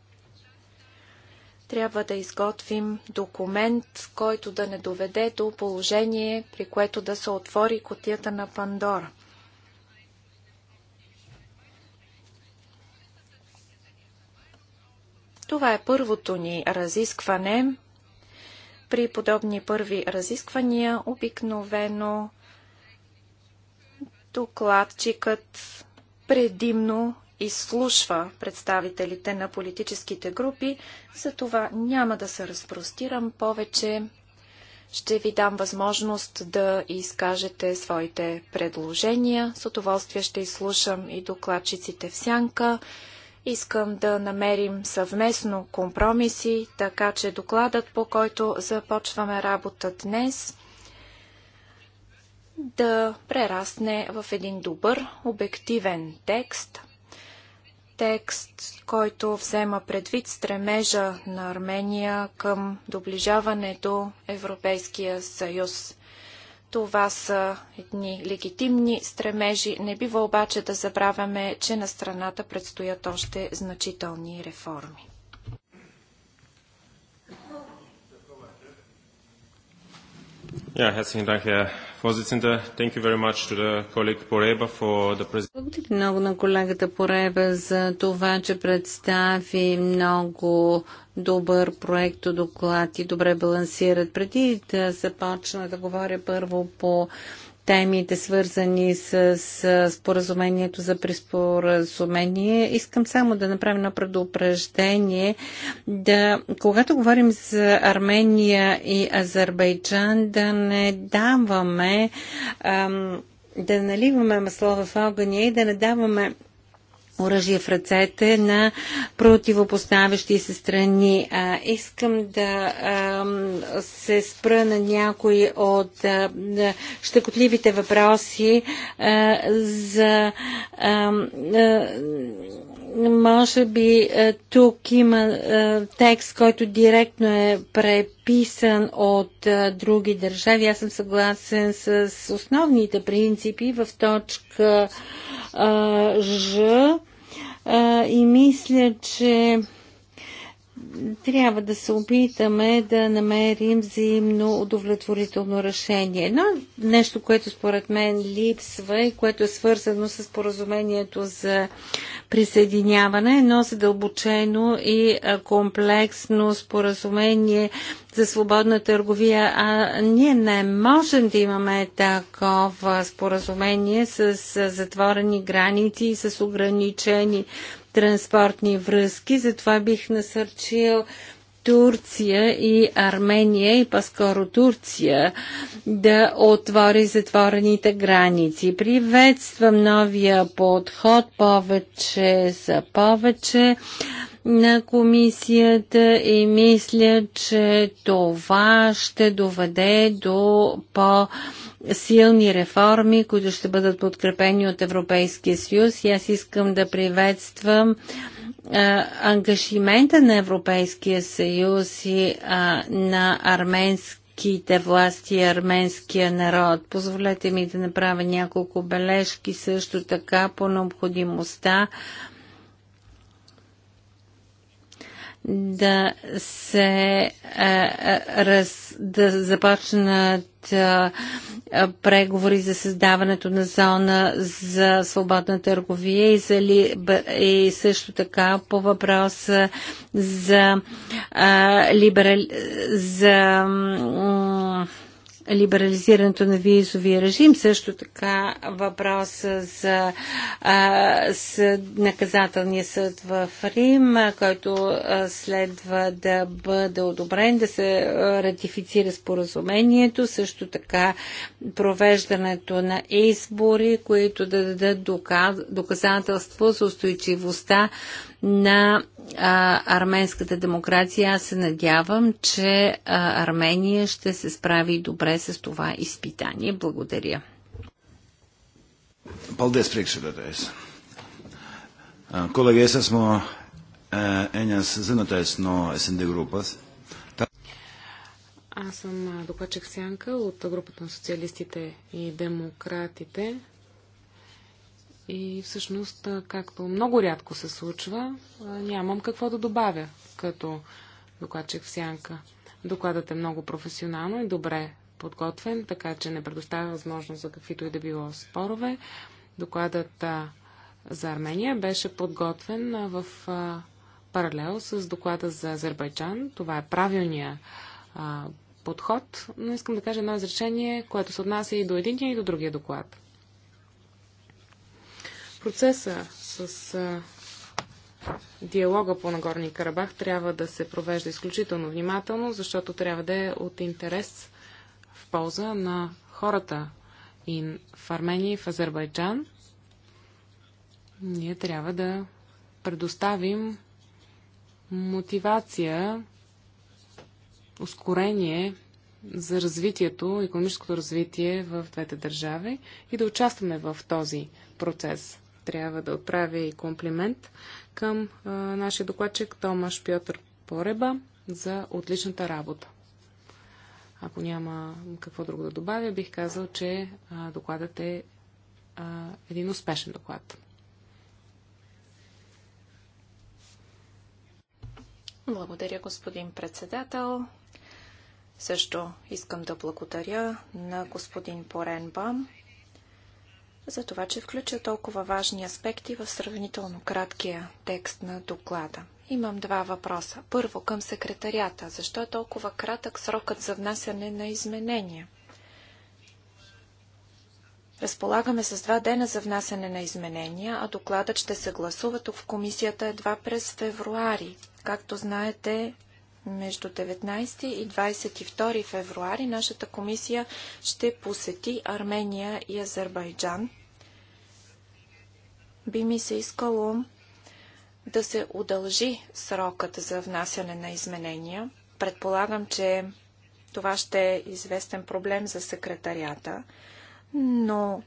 Трябва да изготвим документ, който да не доведе до положение, при което да се отвори котията на Пандора. Това е първото ни разискване при подобни първи разисквания обикновено докладчикът предимно изслушва представителите на политическите групи, за това няма да се разпростирам повече. Ще ви дам възможност да изкажете своите предложения. С удоволствие ще изслушам и докладчиците в сянка. Искам да намерим съвместно компромиси, така че докладът, по който започваме работа днес, да прерасне в един добър, обективен текст. Текст, който взема предвид стремежа на Армения към доближаване до Европейския съюз. Това са едни легитимни стремежи. Не бива обаче да забравяме, че на страната предстоят още значителни реформи. Ja, herzlichen Dank, Herr благодаря много на колегата Пореба за това, че представи много добър проект доклад и добре балансират. Преди да започна да говоря първо по темите, свързани с споразумението за приспоразумение. Искам само да направя едно предупреждение. Да, когато говорим за Армения и Азербайджан, да не даваме, ам, да наливаме масло в огъня и да не даваме оръжие в ръцете на противопоставящи се страни. А, искам да а, се спра на някои от а, щекотливите въпроси а, за. А, а, може би тук има текст, който директно е преписан от други държави. Аз съм съгласен с основните принципи в точка Ж и мисля, че трябва да се опитаме да намерим взаимно удовлетворително решение. Едно нещо, което според мен липсва и което е свързано с поразумението за присъединяване, е едно задълбочено и комплексно споразумение за свободна търговия, а ние не можем да имаме такова споразумение с затворени граници и с ограничени транспортни връзки. Затова бих насърчил Турция и Армения и по-скоро Турция да отвори затворените граници. Приветствам новия подход повече за повече на комисията и мисля, че това ще доведе до по- силни реформи, които ще бъдат подкрепени от Европейския съюз. И аз искам да приветствам ангажимента на Европейския съюз и а, на арменските власти и арменския народ. Позволете ми да направя няколко бележки също така по необходимостта да се е, е, раз, да започнат е, преговори за създаването на зона за свободна търговия и, за ли, и също така по въпроса за, а, либерали... за либерализирането на визовия режим, също така въпроса за а, с наказателния съд в Рим, който а, следва да бъде одобрен, да се ратифицира споразумението, също така провеждането на избори, които да дадат доказ, доказателство за устойчивостта на а, арменската демокрация. Аз се надявам, че а, Армения ще се справи добре с това изпитание. Благодаря. Paldies, priekšsēdētājs. Kolēģi, es esmu Eņas Zinotais no SND група. Аз съм докладчик Сянка от групата на социалистите и демократите. И всъщност, както много рядко се случва, нямам какво да добавя като докладчик в сянка. Докладът е много професионално и добре подготвен, така че не предоставя възможност за каквито и да било спорове. Докладът за Армения беше подготвен в паралел с доклада за Азербайджан. Това е правилния подход, но искам да кажа едно изречение, което се отнася и до единия, и до другия доклад. Процеса с а, диалога по Нагорни Карабах трябва да се провежда изключително внимателно, защото трябва да е от интерес в полза на хората и в Армения и в Азербайджан. Ние трябва да предоставим мотивация, ускорение за развитието, економическото развитие в двете държави и да участваме в този процес трябва да отправя и комплимент към а, нашия докладчик Томаш Пьотър Пореба за отличната работа. Ако няма какво друго да добавя, бих казал, че а, докладът е а, един успешен доклад. Благодаря, господин председател. Също искам да благодаря на господин Поренбам за това, че включа толкова важни аспекти в сравнително краткия текст на доклада. Имам два въпроса. Първо към секретарията. Защо е толкова кратък срокът за внасяне на изменения? Разполагаме с два дена за внасяне на изменения, а докладът ще се гласува тук в комисията едва през февруари. Както знаете, между 19 и 22 февруари нашата комисия ще посети Армения и Азербайджан. Би ми се искало да се удължи срокът за внасяне на изменения. Предполагам, че това ще е известен проблем за секретарията, но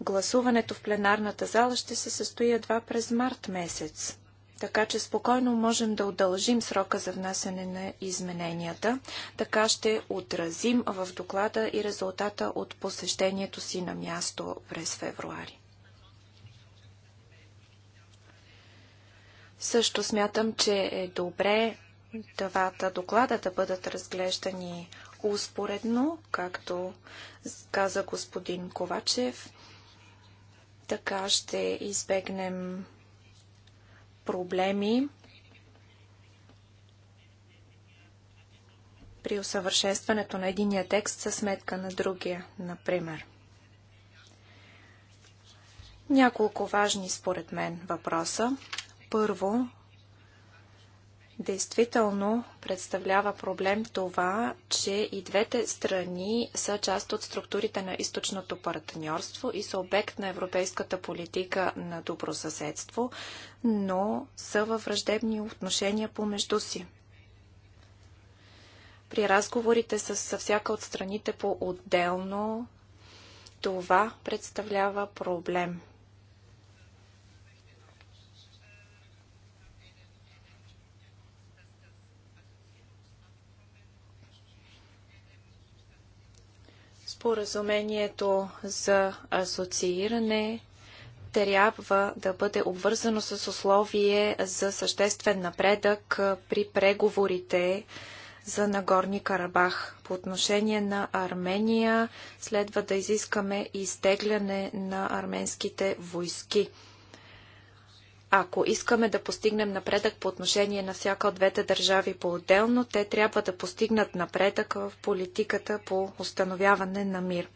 гласуването в пленарната зала ще се състои едва през март месец така че спокойно можем да удължим срока за внасяне на измененията. Така ще отразим в доклада и резултата от посещението си на място през февруари. Също смятам, че е добре двата доклада да бъдат разглеждани успоредно, както каза господин Ковачев. Така ще избегнем проблеми при усъвършенстването на единия текст със сметка на другия, например. Няколко важни според мен въпроса. Първо, Действително представлява проблем това, че и двете страни са част от структурите на източното партньорство и са обект на европейската политика на добросъседство, но са във враждебни отношения помежду си. При разговорите с всяка от страните по-отделно това представлява проблем – Споразумението за асоцииране трябва да бъде обвързано с условие за съществен напредък при преговорите за Нагорни Карабах. По отношение на Армения следва да изискаме изтегляне на арменските войски. Ако искаме да постигнем напредък по отношение на всяка от двете държави по-отделно, те трябва да постигнат напредък в политиката по установяване на мир.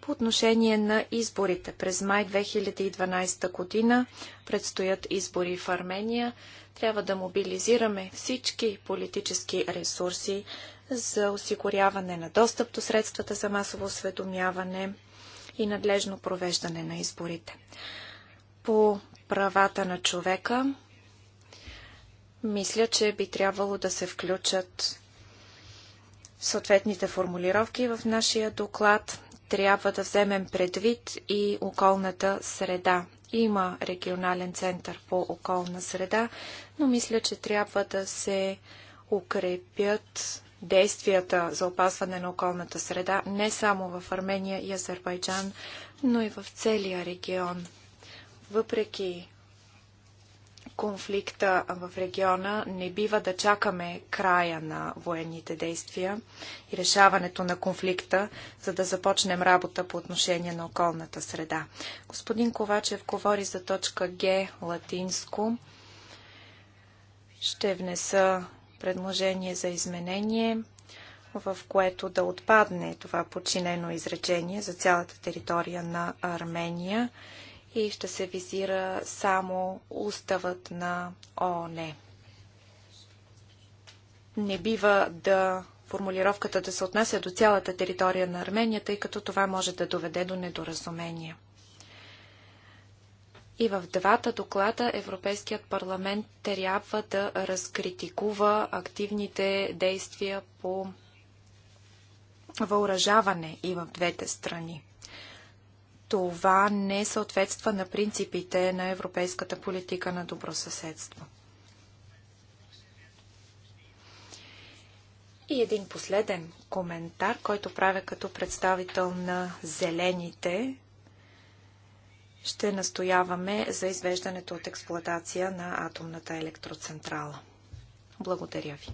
По отношение на изборите, през май 2012 година предстоят избори в Армения. Трябва да мобилизираме всички политически ресурси за осигуряване на достъп до средствата за масово осведомяване и надлежно провеждане на изборите. По правата на човека, мисля, че би трябвало да се включат съответните формулировки в нашия доклад. Трябва да вземем предвид и околната среда. Има регионален център по околна среда, но мисля, че трябва да се укрепят действията за опазване на околната среда не само в Армения и Азербайджан, но и в целия регион. Въпреки конфликта в региона не бива да чакаме края на военните действия и решаването на конфликта, за да започнем работа по отношение на околната среда. Господин Ковачев говори за точка Г латинско. Ще внеса предложение за изменение, в което да отпадне това подчинено изречение за цялата територия на Армения – и ще се визира само уставът на ООН. Не бива да формулировката да се отнася до цялата територия на Армения, тъй като това може да доведе до недоразумение. И в двата доклада Европейският парламент трябва да разкритикува активните действия по въоръжаване и в двете страни това не съответства на принципите на европейската политика на добросъседство. И един последен коментар, който правя като представител на зелените. Ще настояваме за извеждането от експлоатация на атомната електроцентрала. Благодаря ви.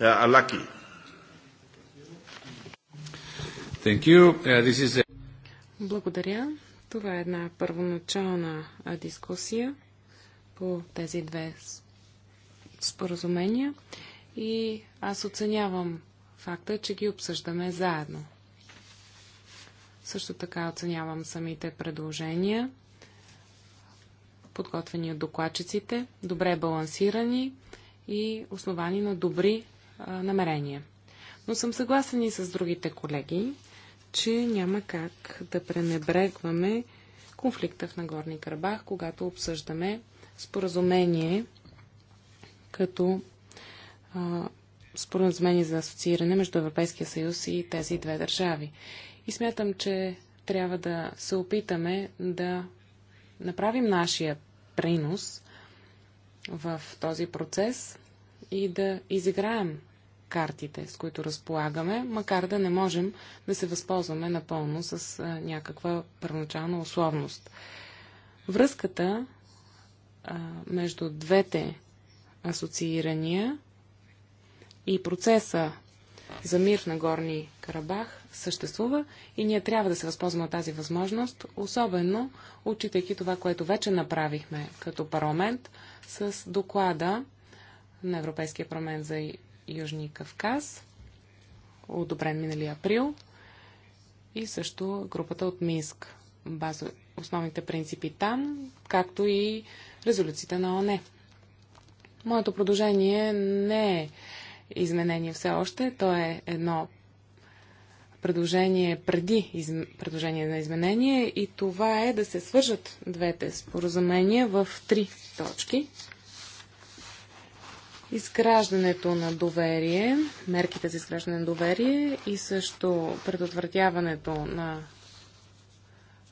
Е, Алаки. Uh, a... Благодаря. Това е една първоначална дискусия по тези две споразумения и аз оценявам факта, че ги обсъждаме заедно. Също така оценявам самите предложения, подготвени от докладчиците, добре балансирани и основани на добри а, намерения. Но съм съгласен и с другите колеги, че няма как да пренебрегваме конфликта в Нагорни Карабах, когато обсъждаме споразумение като а, споразумение за асоцииране между Европейския съюз и тези две държави. И смятам, че трябва да се опитаме да направим нашия принос в този процес и да изиграем картите, с които разполагаме, макар да не можем да се възползваме напълно с а, някаква първоначална условност. Връзката а, между двете асоциирания и процеса за мир на Горни Карабах съществува и ние трябва да се възползваме от тази възможност, особено отчитайки това, което вече направихме като парламент с доклада на Европейския парламент за Южния Кавказ, одобрен минали април, и също групата от Минск, база, основните принципи там, както и резолюцията на ОНЕ. Моето продължение не е изменение все още, то е едно предложение преди из... предложение на изменение и това е да се свържат двете споразумения в три точки изграждането на доверие, мерките за изграждане на доверие и също предотвратяването на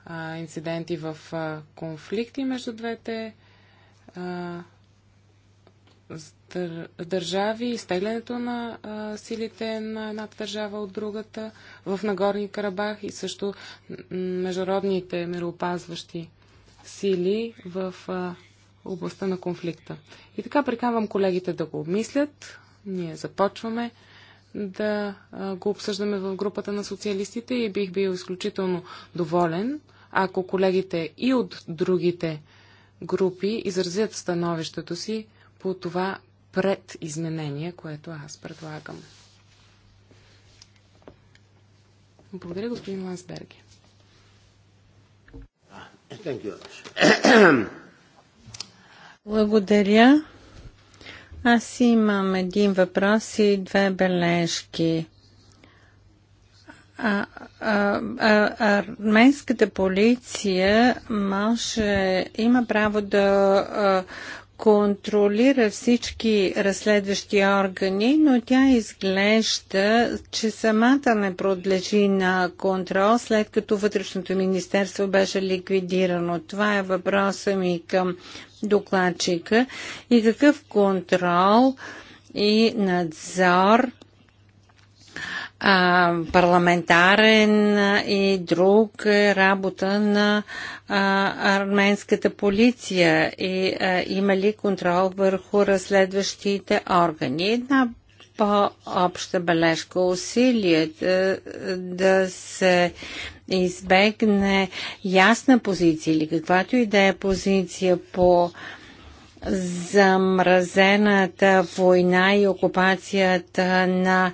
а, инциденти в а, конфликти между двете а, държави, изтеглянето на а, силите на едната държава от другата в Нагорни Карабах и също международните мироопазващи сили в а, областта на конфликта. И така приканвам колегите да го обмислят. Ние започваме да го обсъждаме в групата на социалистите и бих бил изключително доволен, ако колегите и от другите групи изразят становището си по това пред изменение, което аз предлагам. Благодаря, господин Лансберги. Thank you. Благодаря. Аз имам един въпрос и две бележки. А, а, а, арменската полиция може, има право да а, контролира всички разследващи органи, но тя изглежда, че самата не продлежи на контрол, след като Вътрешното министерство беше ликвидирано. Това е въпроса ми към докладчика и какъв контрол и надзор а, парламентарен и друг е работа на а, арменската полиция и а, има ли контрол върху разследващите органи. Една по-обща бележка усилията да се избегне ясна позиция или каквато и да е позиция по а, замразената война и окупацията на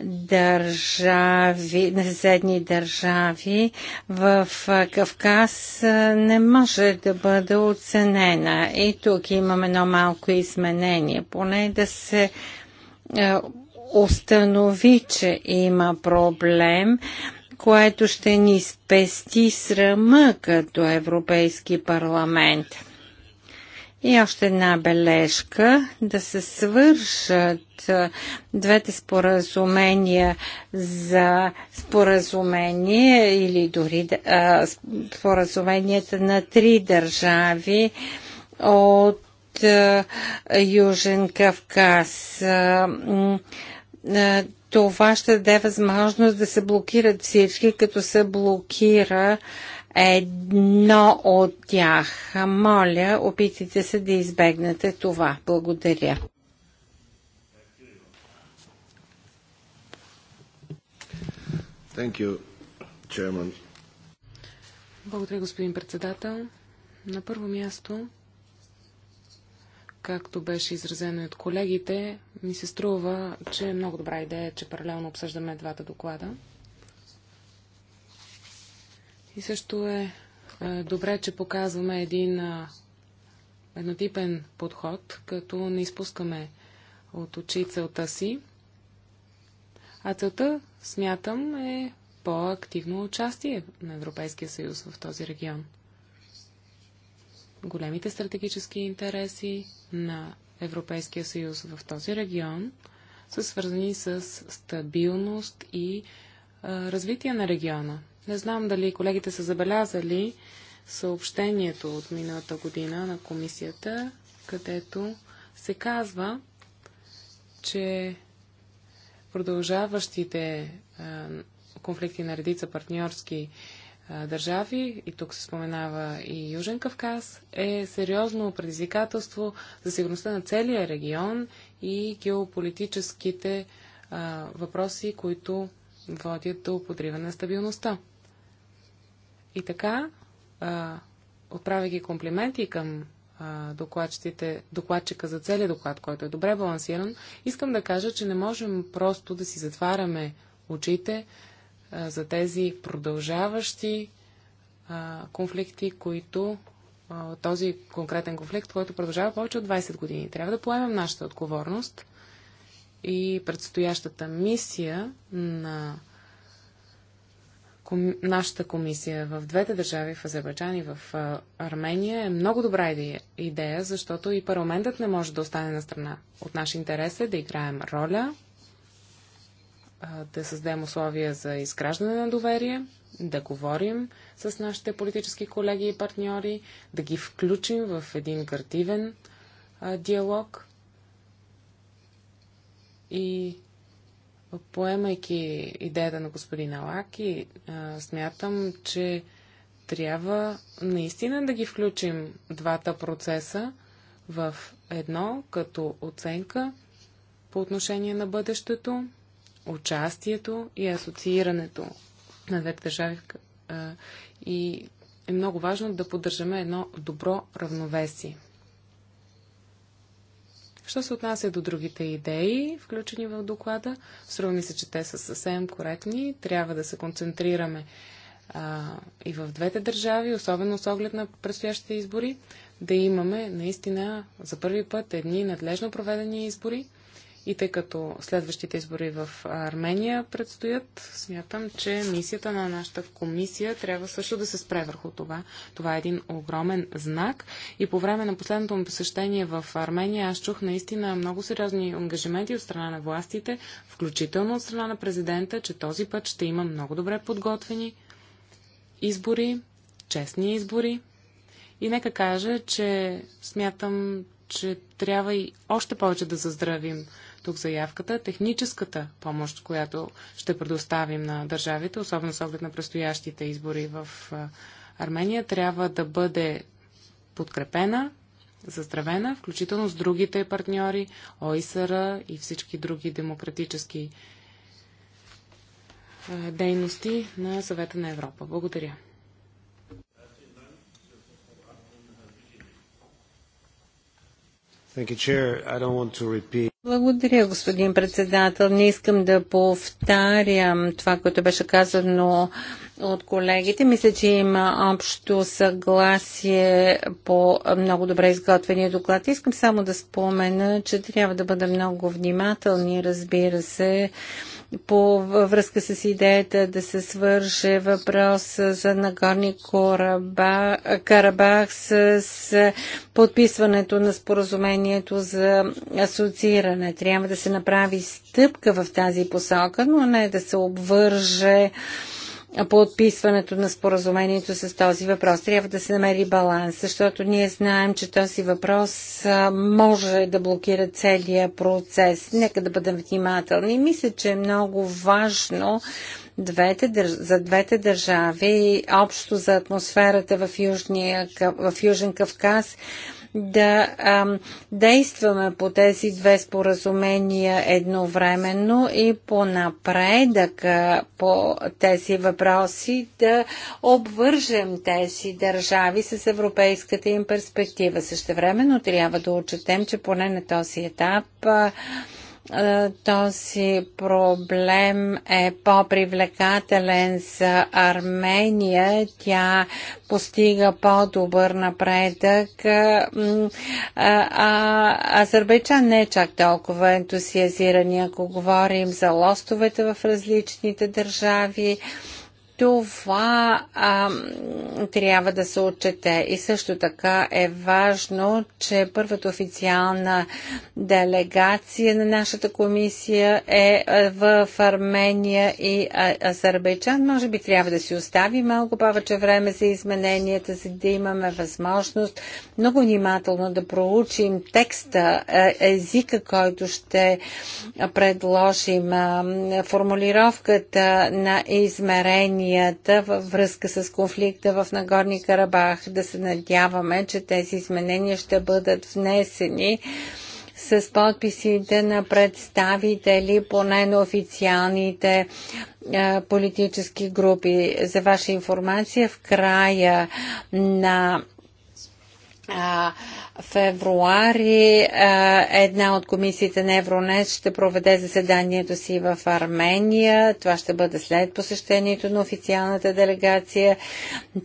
държави, на съседни държави в Кавказ не може да бъде оценена. И тук имаме едно малко изменение, поне да се е, установи, че има проблем което ще ни спести срама като Европейски парламент. И още една бележка да се свършат двете споразумения за споразумение или дори споразуменията на три държави от Южен Кавказ. това ще даде възможност да се блокират всички, като се блокира едно от тях. Моля, опитайте се да избегнете това. Благодаря. Thank you, chairman. Благодаря, господин председател. На първо място, както беше изразено и от колегите, ми се струва, че е много добра идея, че паралелно обсъждаме двата доклада. И също е, е, добре, че показваме един еднотипен подход, като не изпускаме от очи целта си. А целта, смятам, е по-активно участие на Европейския съюз в този регион. Големите стратегически интереси на Европейския съюз в този регион са свързани с стабилност и развитие на региона. Не знам дали колегите са забелязали съобщението от миналата година на комисията, където се казва, че продължаващите конфликти на редица партньорски държави, и тук се споменава и Южен Кавказ, е сериозно предизвикателство за сигурността на целия регион и геополитическите въпроси, които водят до подрива на стабилността. И така, отправяйки комплименти към докладчика за целият доклад, който е добре балансиран, искам да кажа, че не можем просто да си затваряме очите а, за тези продължаващи а, конфликти, които а, този конкретен конфликт, който продължава повече от 20 години. Трябва да поемем нашата отговорност и предстоящата мисия на нашата комисия в двете държави, в Азербайджан и в Армения, е много добра идея, защото и парламентът не може да остане на страна. От наш интерес е да играем роля, да създадем условия за изграждане на доверие, да говорим с нашите политически колеги и партньори, да ги включим в един картивен диалог и Поемайки идеята на господин Алаки, смятам, че трябва наистина да ги включим двата процеса в едно като оценка по отношение на бъдещето, участието и асоциирането на двете държави. Е, и е много важно да поддържаме едно добро равновесие. Що се отнася до другите идеи, включени в доклада, струва ми се, че те са съвсем коректни. Трябва да се концентрираме а, и в двете държави, особено с оглед на предстоящите избори, да имаме наистина за първи път едни надлежно проведени избори, и тъй като следващите избори в Армения предстоят, смятам, че мисията на нашата комисия трябва също да се спре върху това. Това е един огромен знак. И по време на последното му посещение в Армения аз чух наистина много сериозни ангажименти от страна на властите, включително от страна на президента, че този път ще има много добре подготвени избори, честни избори. И нека кажа, че смятам, че трябва и още повече да заздравим тук заявката, техническата помощ, която ще предоставим на държавите, особено с оглед на предстоящите избори в Армения, трябва да бъде подкрепена, заздравена, включително с другите партньори, ОИСР и всички други демократически дейности на Съвета на Европа. Благодаря. Благодаря, господин председател. Не искам да повтарям това, което беше казано от колегите. Мисля, че има общо съгласие по много добре изготвения доклад. Искам само да спомена, че трябва да бъдем много внимателни, разбира се, по връзка с идеята да се свърже въпрос за Нагорни Карабах с подписването на споразумението за асоцииране. Трябва да се направи стъпка в тази посока, но не да се обвърже а, подписването на споразумението с този въпрос. Трябва да се намери баланс, защото ние знаем, че този въпрос може да блокира целия процес. Нека да бъдем внимателни. Мисля, че е много важно двете, за двете държави, общо за атмосферата в, Южния, в Южен Кавказ, да а, действаме по тези две споразумения едновременно и по напредъка по тези въпроси да обвържем тези държави с европейската им перспектива. Същевременно трябва да отчетем, че поне на този етап а, е, този проблем е по-привлекателен за Армения. Тя постига по-добър напредък. Е, а Азербайджан не е чак толкова ентусиазиран, ако говорим за лостовете в различните държави. Това а, трябва да се отчете. И също така е важно, че първата официална делегация на нашата комисия е, е в Армения и Азербайджан. Може би трябва да си остави малко повече време за измененията, за да имаме възможност много внимателно да проучим текста, е, езика, който ще предложим, формулировката на измерение изменията във връзка с конфликта в Нагорни Карабах. Да се надяваме, че тези изменения ще бъдат внесени с подписите на представители, поне на официалните е, политически групи. За ваша информация, в края на а, февруари а, една от комисиите на Евронес ще проведе заседанието си в Армения. Това ще бъде след посещението на официалната делегация.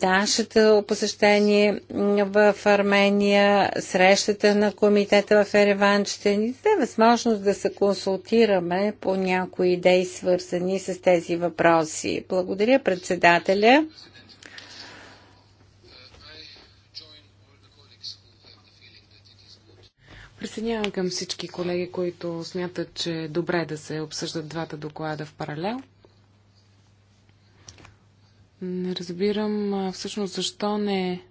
Нашето посещение в Армения, срещата на комитета в Ереван ще ни даде възможност да се консултираме по някои идеи, свързани с тези въпроси. Благодаря председателя. присъединявам към всички колеги, които смятат, че е добре да се обсъждат двата доклада в паралел. Не разбирам всъщност защо не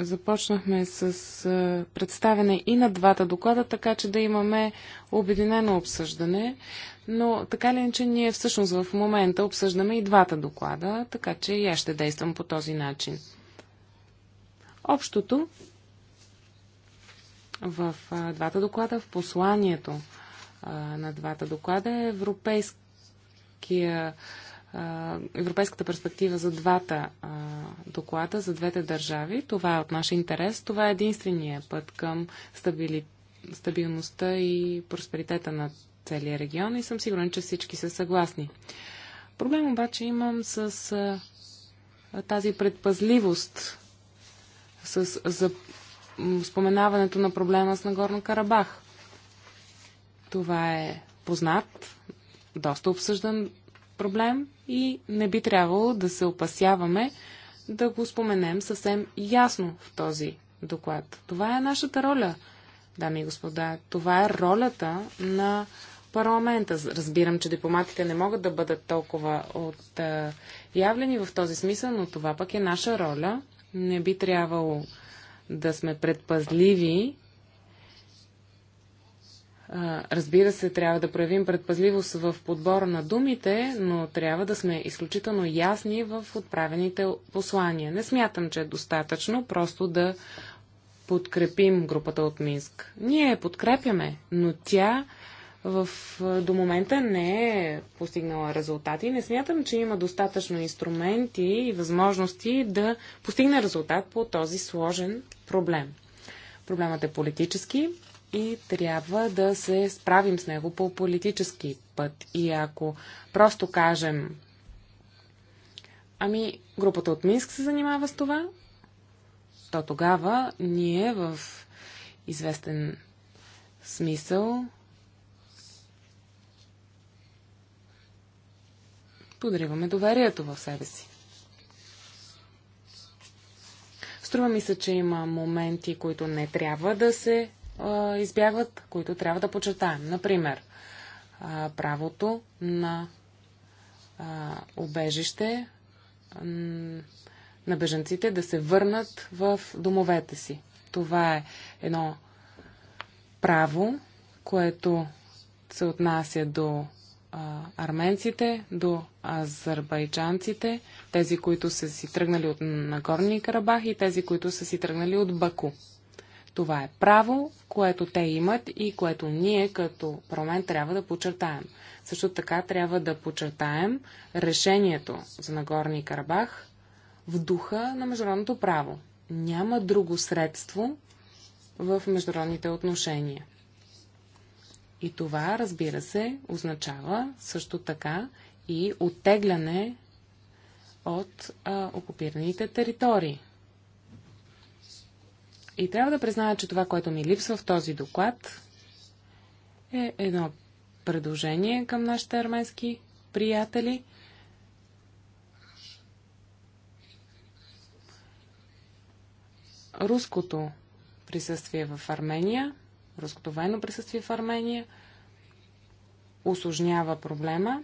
започнахме с представяне и на двата доклада, така че да имаме обединено обсъждане. Но така ли че ние всъщност в момента обсъждаме и двата доклада, така че и аз ще действам по този начин. Общото в двата доклада, в посланието на двата доклада е европейския, европейската перспектива за двата доклада, за двете държави. Това е от наш интерес. Това е единствения път към стабили... стабилността и просперитета на целия регион и съм сигурен, че всички са съгласни. Проблем обаче имам с тази предпазливост, с за споменаването на проблема с Нагорно Карабах. Това е познат, доста обсъждан проблем и не би трябвало да се опасяваме да го споменем съвсем ясно в този доклад. Това е нашата роля, дами и господа. Това е ролята на парламента. Разбирам, че дипломатите не могат да бъдат толкова отявлени в този смисъл, но това пък е наша роля. Не би трябвало да сме предпазливи. Разбира се, трябва да проявим предпазливост в подбора на думите, но трябва да сме изключително ясни в отправените послания. Не смятам, че е достатъчно просто да подкрепим групата от Минск. Ние подкрепяме, но тя в, е, до момента не е постигнала резултати. Не смятам, че има достатъчно инструменти и възможности да постигне резултат по този сложен проблем. Проблемът е политически и трябва да се справим с него по политически път. И ако просто кажем, ами групата от Минск се занимава с това, то тогава ние в известен смисъл подриваме доверието в себе си. Струва ми се, че има моменти, които не трябва да се а, избягват, които трябва да почетаем. Например, а, правото на а, убежище на беженците да се върнат в домовете си. Това е едно право, което се отнася до арменците, до азербайджанците, тези, които са си тръгнали от Нагорни Карабах и тези, които са си тръгнали от Баку. Това е право, което те имат и което ние като парламент трябва да подчертаем. Също така трябва да подчертаем решението за Нагорни Карабах в духа на международното право. Няма друго средство в международните отношения. И това, разбира се, означава също така и оттегляне от а, окупираните територии. И трябва да призная, че това, което ми липсва в този доклад, е едно предложение към нашите арменски приятели. Руското присъствие в Армения – руското военно присъствие в Армения, осложнява проблема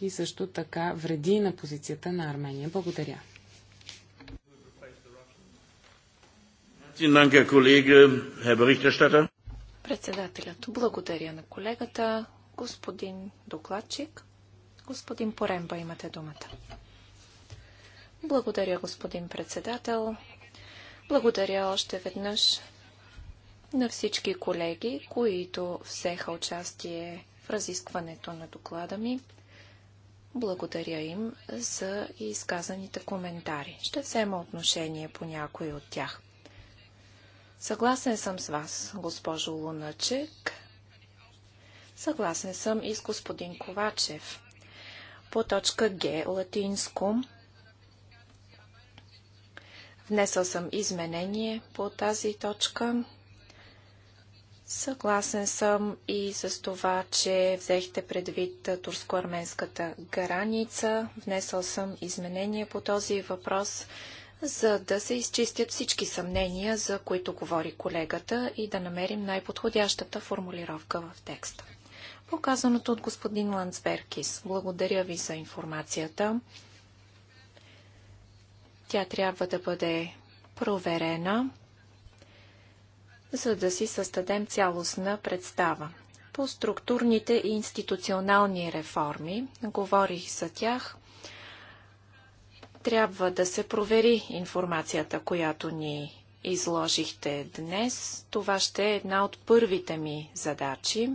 и също така вреди на позицията на Армения. Благодаря. Председателят, благодаря на колегата, господин докладчик. Господин Поремба, имате думата. Благодаря, господин председател. Благодаря още веднъж на всички колеги, които взеха участие в разискването на доклада ми. Благодаря им за изказаните коментари. Ще взема отношение по някои от тях. Съгласен съм с вас, госпожо Луначек. Съгласен съм и с господин Ковачев. По точка Г, латинско, внесъл съм изменение по тази точка. Съгласен съм и с това, че взехте предвид турско-арменската граница. Внесъл съм изменения по този въпрос, за да се изчистят всички съмнения, за които говори колегата и да намерим най-подходящата формулировка в текста. Показаното от господин Ландсберкис. Благодаря ви за информацията. Тя трябва да бъде проверена за да си създадем цялостна представа. По структурните и институционални реформи, говорих за тях, трябва да се провери информацията, която ни изложихте днес. Това ще е една от първите ми задачи.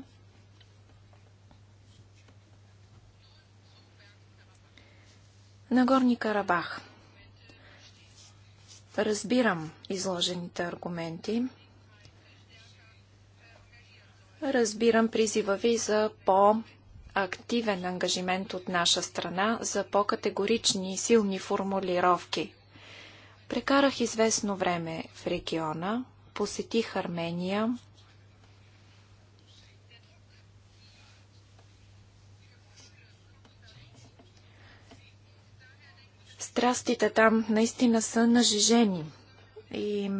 Нагорни Карабах. Разбирам изложените аргументи. Разбирам призива ви за по-активен ангажимент от наша страна, за по-категорични и силни формулировки. Прекарах известно време в региона, посетих Армения, страстите там наистина са нажижени И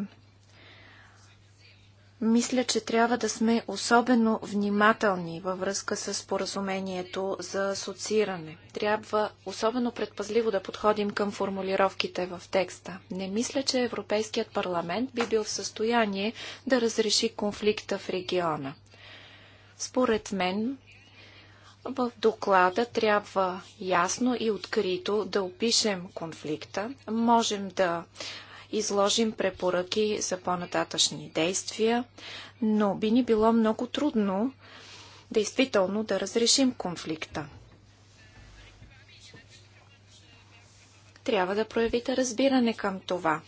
мисля, че трябва да сме особено внимателни във връзка с споразумението за асоцииране. Трябва особено предпазливо да подходим към формулировките в текста. Не мисля, че Европейският парламент би бил в състояние да разреши конфликта в региона. Според мен, в доклада трябва ясно и открито да опишем конфликта. Можем да изложим препоръки за по-нататъчни действия, но би ни било много трудно действително да разрешим конфликта. Трябва да проявите разбиране към това.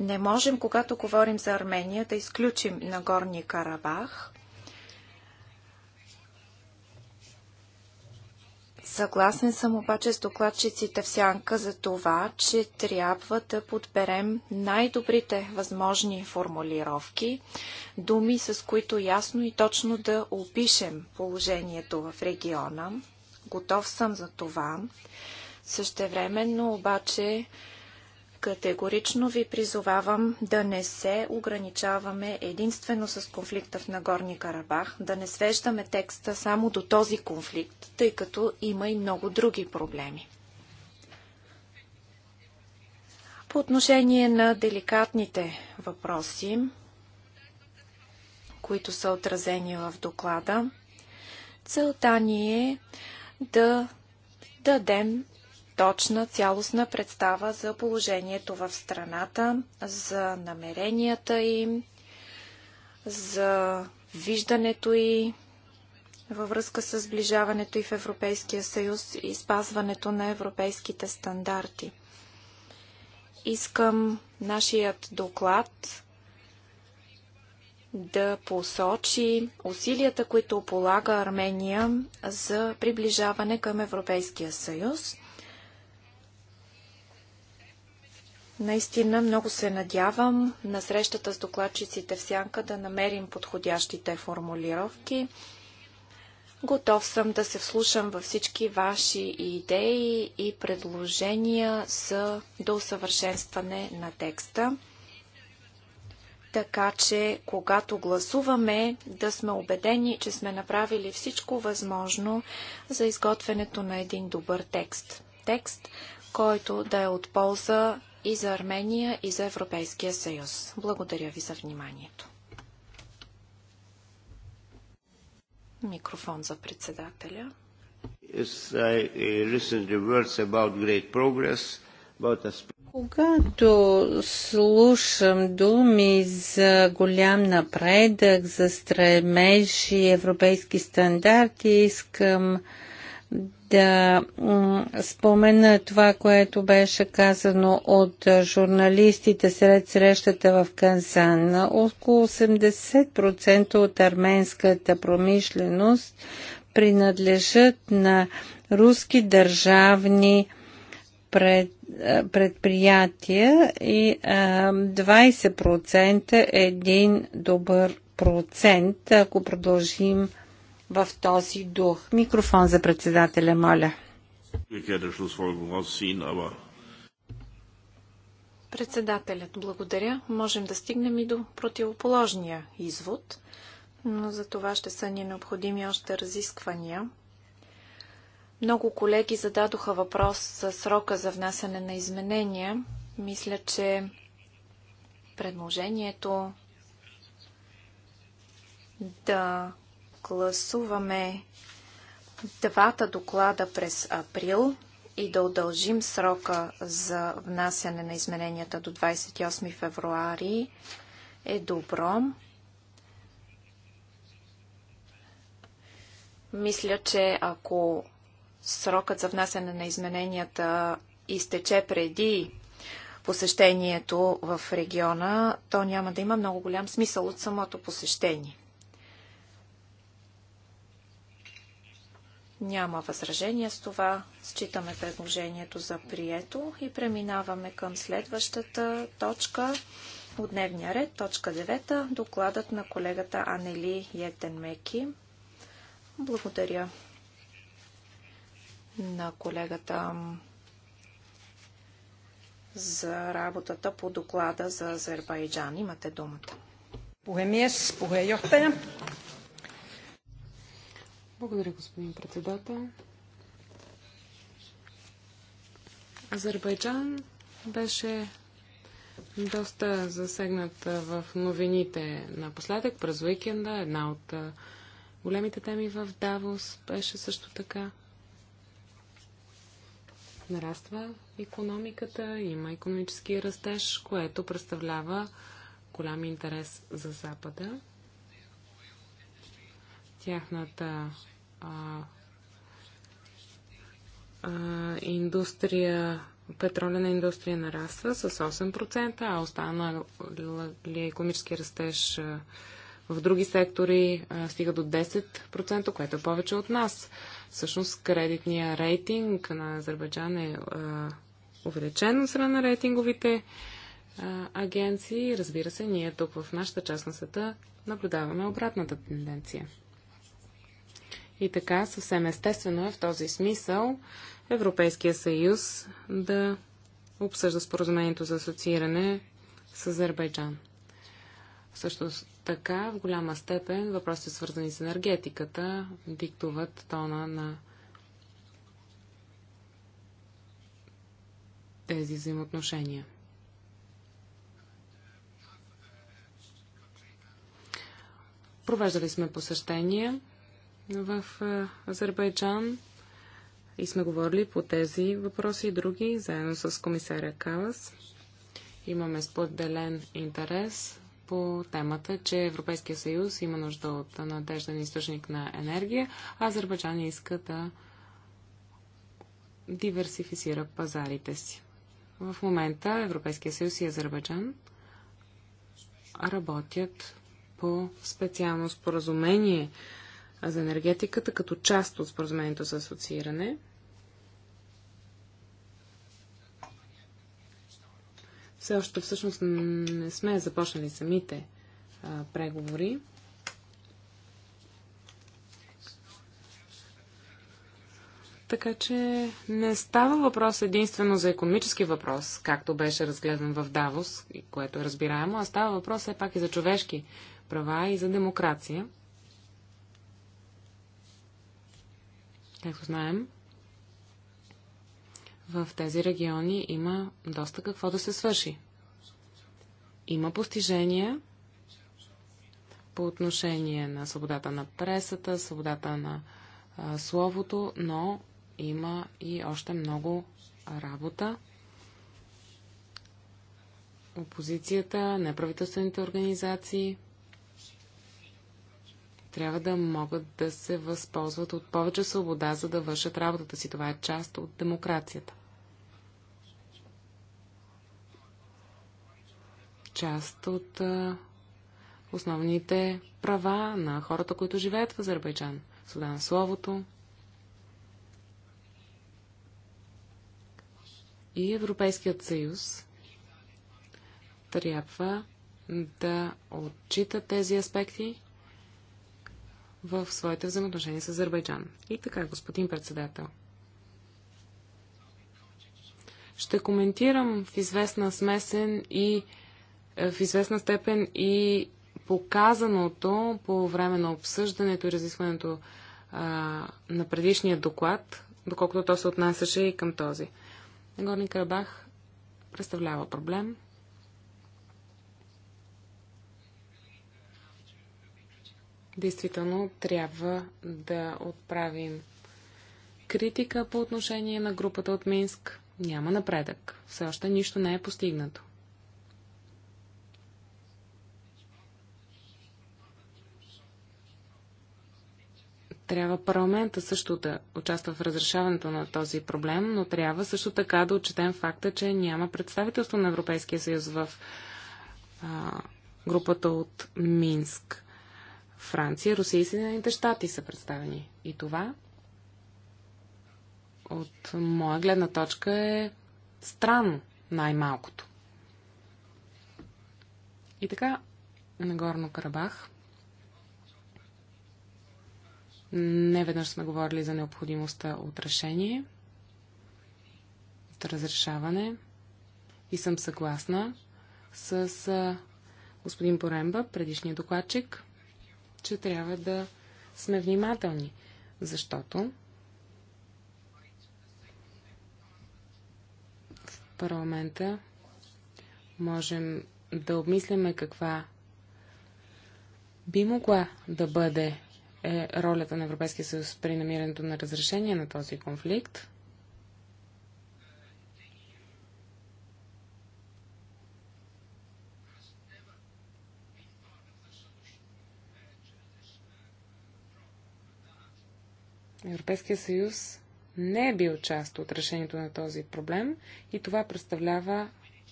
Не можем, когато говорим за Армения, да изключим Нагорни Карабах, Съгласен съм обаче с докладчиците в сянка за това, че трябва да подберем най-добрите възможни формулировки, думи с които ясно и точно да опишем положението в региона. Готов съм за това. Същевременно обаче Категорично ви призовавам да не се ограничаваме единствено с конфликта в Нагорни Карабах, да не свеждаме текста само до този конфликт, тъй като има и много други проблеми. По отношение на деликатните въпроси, които са отразени в доклада, целта ни е да дадем точна, цялостна представа за положението в страната, за намеренията им, за виждането и във връзка с сближаването и в Европейския съюз и спазването на европейските стандарти. Искам нашият доклад да посочи усилията, които полага Армения за приближаване към Европейския съюз. Наистина много се надявам на срещата с докладчиците в Сянка да намерим подходящите формулировки. Готов съм да се вслушам във всички ваши идеи и предложения за доусъвършенстване на текста. Така че, когато гласуваме, да сме убедени, че сме направили всичко възможно за изготвянето на един добър текст. Текст, който да е от полза и за Армения, и за Европейския съюз. Благодаря ви за вниманието. Микрофон за председателя. Uh, Когато слушам думи за голям напредък, за стремежи, европейски стандарти, искам да спомена това, което беше казано от журналистите сред срещата в Кансан. Около 80% от арменската промишленост принадлежат на руски държавни пред, предприятия и а, 20% е един добър процент, ако продължим в този дух. Микрофон за председателя, моля. Председателят, благодаря. Можем да стигнем и до противоположния извод, но за това ще са ни необходими още разисквания. Много колеги зададоха въпрос за срока за внасяне на изменения. Мисля, че предложението да гласуваме двата доклада през април и да удължим срока за внасяне на измененията до 28 февруари е добро. Мисля, че ако срокът за внасяне на измененията изтече преди посещението в региона, то няма да има много голям смисъл от самото посещение. Няма възражение с това. Считаме предложението за прието и преминаваме към следващата точка от дневния ред, точка 9, докладът на колегата Анели Етенмеки. Благодаря на колегата за работата по доклада за Азербайджан. Имате думата. Puhemies, puheenjohtaja. Благодаря, господин председател. Азербайджан беше доста засегнат в новините напоследък през уикенда. Една от големите теми в Давос беше също така. Нараства економиката, има економически растеж, което представлява голям интерес за Запада. Тяхната индустрия, петролена индустрия нараства с 8%, а останалия економически растеж в други сектори стига до 10%, което е повече от нас. Всъщност кредитния рейтинг на Азербайджан е увеличен от страна на рейтинговите агенции. Разбира се, ние тук в нашата част на света наблюдаваме обратната тенденция. И така, съвсем естествено е в този смисъл Европейския съюз да обсъжда споразумението за асоцииране с Азербайджан. Също така, в голяма степен, въпросите свързани с енергетиката диктуват тона на тези взаимоотношения. Провеждали сме посещения в Азербайджан и сме говорили по тези въпроси и други, заедно с комисаря Калас. Имаме споделен интерес по темата, че Европейския съюз има нужда от надежден източник на енергия, а Азербайджан иска да диверсифицира пазарите си. В момента Европейския съюз и Азербайджан работят по специално споразумение за енергетиката като част от споразумението за асоцииране. Все още всъщност не сме започнали самите а, преговори. Така че не става въпрос единствено за економически въпрос, както беше разгледан в Давос, което е разбираемо, а става въпрос все пак и за човешки права и за демокрация. Както знаем, в тези региони има доста какво да се свърши. Има постижения по отношение на свободата на пресата, свободата на а, словото, но има и още много работа. Опозицията, неправителствените организации – трябва да могат да се възползват от повече свобода, за да вършат работата си. Това е част от демокрацията. Част от а, основните права на хората, които живеят в Азербайджан. Суда на словото. И Европейският съюз трябва да отчита тези аспекти в своите взаимоотношения с Азербайджан. И така, господин председател. Ще коментирам в известна смесен и е, в известна степен и показаното по време на обсъждането и разискването а, на предишния доклад, доколкото то се отнасяше и към този. Нагорни Карабах представлява проблем, действително трябва да отправим критика по отношение на групата от Минск. Няма напредък. Все още нищо не е постигнато. трябва парламента също да участва в разрешаването на този проблем, но трябва също така да отчетем факта, че няма представителство на Европейския съюз в а, групата от Минск. Франция, Русия и Съединените щати са представени. И това от моя гледна точка е странно, най-малкото. И така, Нагорно Карабах. Не веднъж сме говорили за необходимостта от решение, от разрешаване. И съм съгласна с господин Поремба, предишния докладчик, че трябва да сме внимателни, защото в парламента можем да обмисляме каква би могла да бъде е, ролята на Европейския съюз при намирането на разрешение на този конфликт. Европейския съюз не е бил част от решението на този проблем и това представлява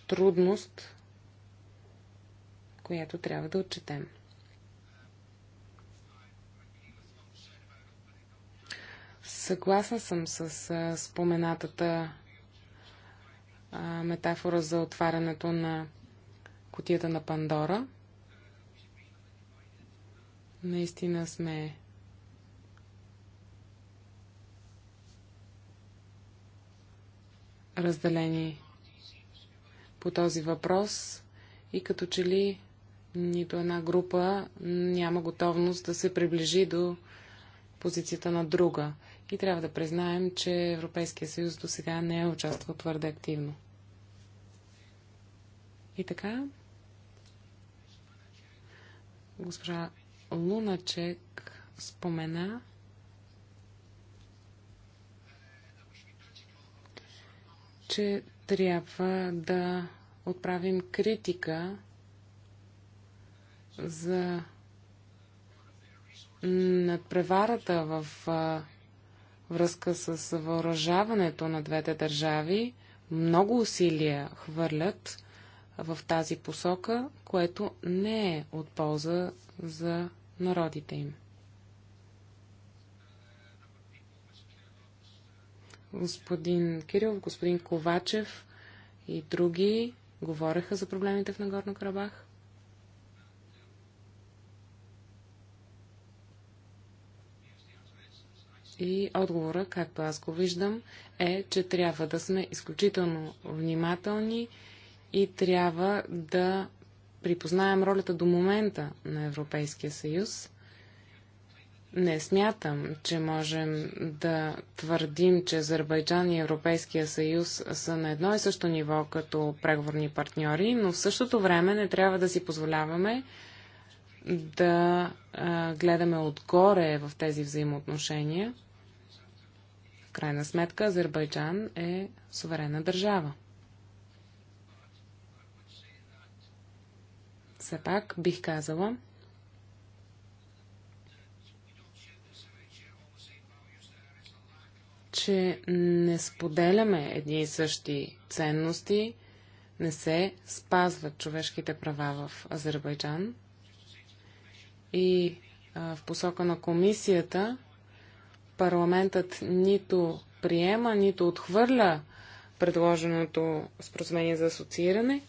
трудност, която трябва да отчетем. Съгласна съм с а, споменатата а, метафора за отварянето на котията на Пандора. Наистина сме разделени по този въпрос и като че ли нито една група няма готовност да се приближи до позицията на друга. И трябва да признаем, че Европейския съюз до сега не е участвал твърде активно. И така, госпожа Луначек спомена че трябва да отправим критика за надпреварата в връзка с въоръжаването на двете държави. Много усилия хвърлят в тази посока, което не е от полза за народите им. господин Кирил, господин Ковачев и други говореха за проблемите в Нагорно Карабах. И отговора, както аз го виждам, е, че трябва да сме изключително внимателни и трябва да припознаем ролята до момента на Европейския съюз не смятам, че можем да твърдим, че Азербайджан и Европейския съюз са на едно и също ниво като преговорни партньори, но в същото време не трябва да си позволяваме да а, гледаме отгоре в тези взаимоотношения. В крайна сметка Азербайджан е суверена държава. Все пак бих казала, че не споделяме едни и същи ценности, не се спазват човешките права в Азербайджан. И а, в посока на комисията парламентът нито приема, нито отхвърля предложеното споразумение за асоцииране,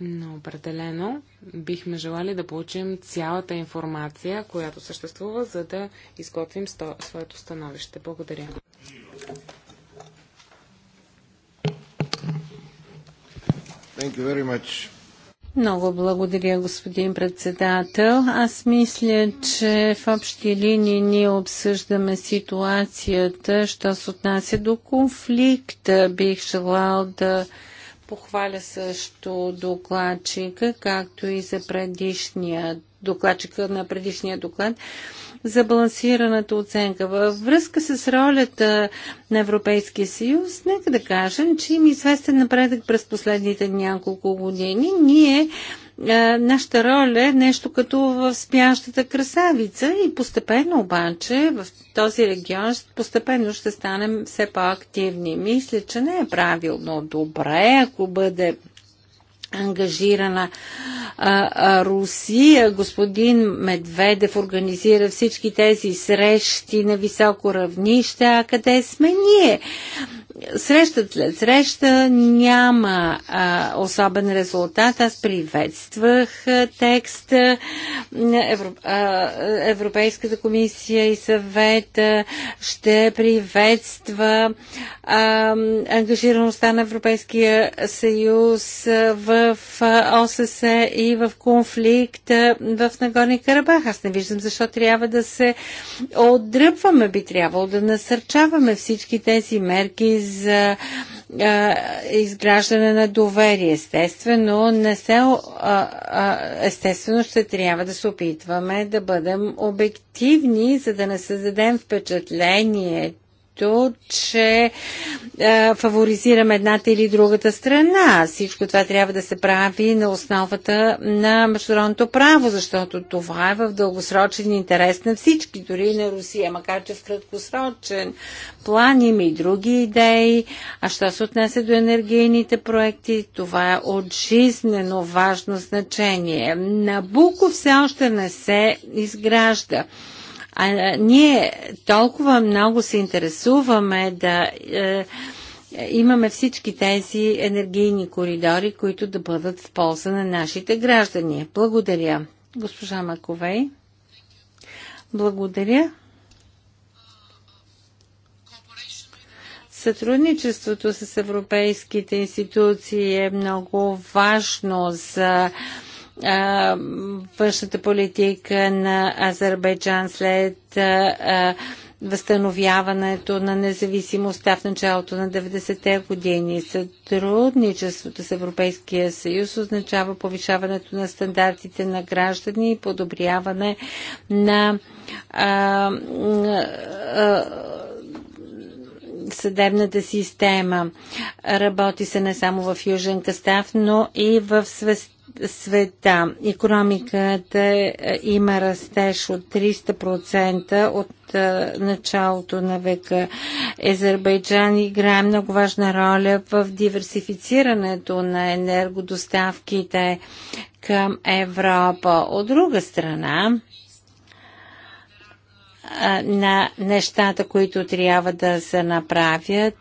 но определено бихме желали да получим цялата информация, която съществува, за да изготвим сто... своето становище. Благодаря. Thank you very much. Много благодаря, господин председател. Аз мисля, че в общи линии ние обсъждаме ситуацията, що се отнася до конфликта. Бих желал да похваля също докладчика, както и за предишния докладчика на предишния доклад за балансираната оценка. Във връзка с ролята на Европейския съюз, нека да кажем, че има известен напредък през последните няколко години. Ние е, нашата роля е нещо като в спящата красавица и постепенно обаче в този регион постепенно ще станем все по-активни. Мисля, че не е правилно добре, ако бъде ангажирана а, а, Русия. Господин Медведев организира всички тези срещи на високо равнище, а къде сме ние? среща след среща няма а, особен резултат. Аз приветствах а, текста Евро, а, Европейската комисия и съвет а, ще приветства а, ангажираността на Европейския съюз а, в а, ОСС и в конфликт а, в Нагорни Карабах. Аз не виждам защо трябва да се отдръпваме. Би трябвало да насърчаваме всички тези мерки за изграждане на доверие. Естествено, не се, естествено ще трябва да се опитваме да бъдем обективни, за да не създадем впечатление, нито, че е, фаворизираме едната или другата страна. Всичко това трябва да се прави на основата на международното право, защото това е в дългосрочен интерес на всички, дори и на Русия, макар че в краткосрочен план има и други идеи. А що се отнесе до енергийните проекти, това е от жизнено важно значение. Набуко все още не се изгражда. А, ние толкова много се интересуваме да е, имаме всички тези енергийни коридори, които да бъдат в полза на нашите граждани. Благодаря. Госпожа Маковей. Благодаря. Сътрудничеството с европейските институции е много важно за външната политика на Азербайджан след възстановяването на независимостта в началото на 90-те години. Сътрудничеството с Европейския съюз означава повишаването на стандартите на граждани и подобряване на а, а, съдебната система. Работи се не само в Южен Кастав, но и в свест света. Економиката е, има растеж от 300% от е, началото на века. Азербайджан играе много важна роля в диверсифицирането на енергодоставките към Европа. От друга страна, на нещата, които трябва да се направят.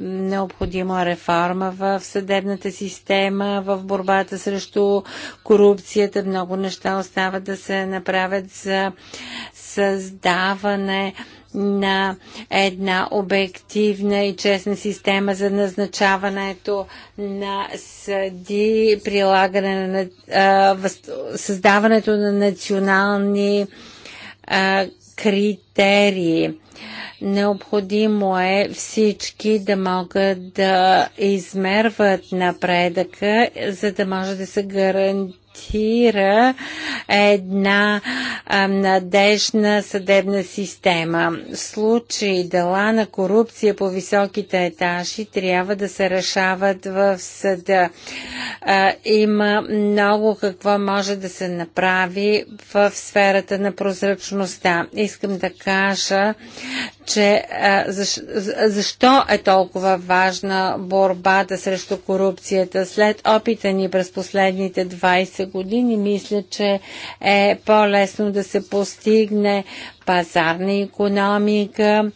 Необходима реформа в съдебната система, в борбата срещу корупцията. Много неща остават да се направят за създаване на една обективна и честна система за назначаването на съди, прилагане на, а, създаването на национални а, а, критерии. Необходимо е всички да могат да измерват напредъка, за да може да се гарантира гарантира една а, надежна съдебна система. Случаи дела на корупция по високите етажи трябва да се решават в съда. А, има много какво може да се направи в сферата на прозрачността. Искам да кажа, че а, защ, защо е толкова важна борбата срещу корупцията след опита ни през последните 20 години, мисля, че е по-лесно да се постигне пазарна економика,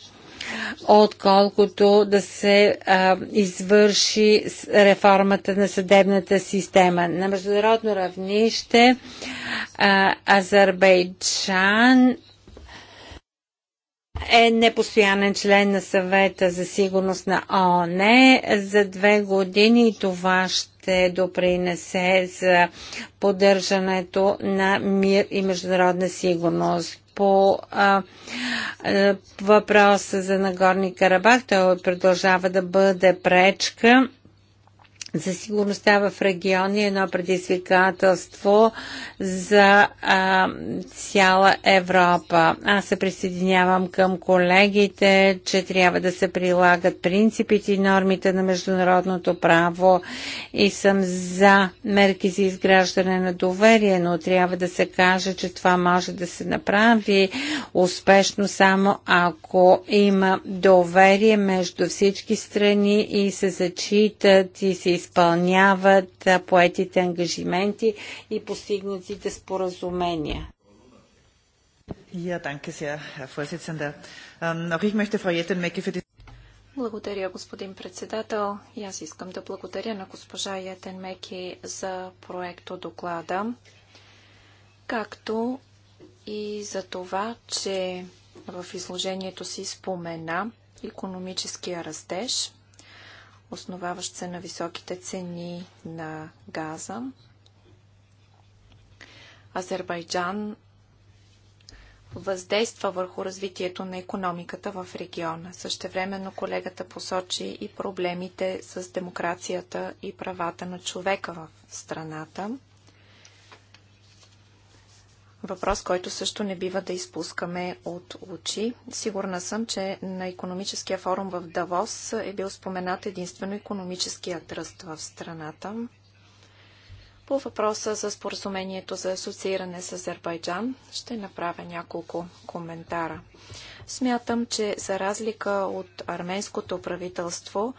отколкото да се а, извърши реформата на съдебната система. На международно равнище а, Азербайджан е непостоянен член на съвета за сигурност на ООН за две години и това ще ще допринесе за поддържането на мир и международна сигурност по а, а, въпроса за Нагорни Карабах. Той продължава да бъде пречка за сигурността в региони е едно предизвикателство за а, цяла Европа. Аз се присъединявам към колегите, че трябва да се прилагат принципите и нормите на международното право и съм за мерки за изграждане на доверие, но трябва да се каже, че това може да се направи успешно само ако има доверие между всички страни и се зачитат и се изпълняват поетите ангажименти и постигнатите споразумения. Ja, danke sehr, Herr Vorsitzender. Ähm, auch ich möchte Frau Jettenmecke für die благодаря, господин председател. И аз искам да благодаря на госпожа Ятен Меки за проекто доклада, както и за това, че в изложението си спомена економическия растеж основаващ се на високите цени на газа. Азербайджан въздейства върху развитието на економиката в региона. Същевременно колегата посочи и проблемите с демокрацията и правата на човека в страната. Въпрос, който също не бива да изпускаме от очи. Сигурна съм, че на економическия форум в Давос е бил споменат единствено економическият ръст в страната. По въпроса за споразумението за асоцииране с Азербайджан ще направя няколко коментара. Смятам, че за разлика от арменското правителство,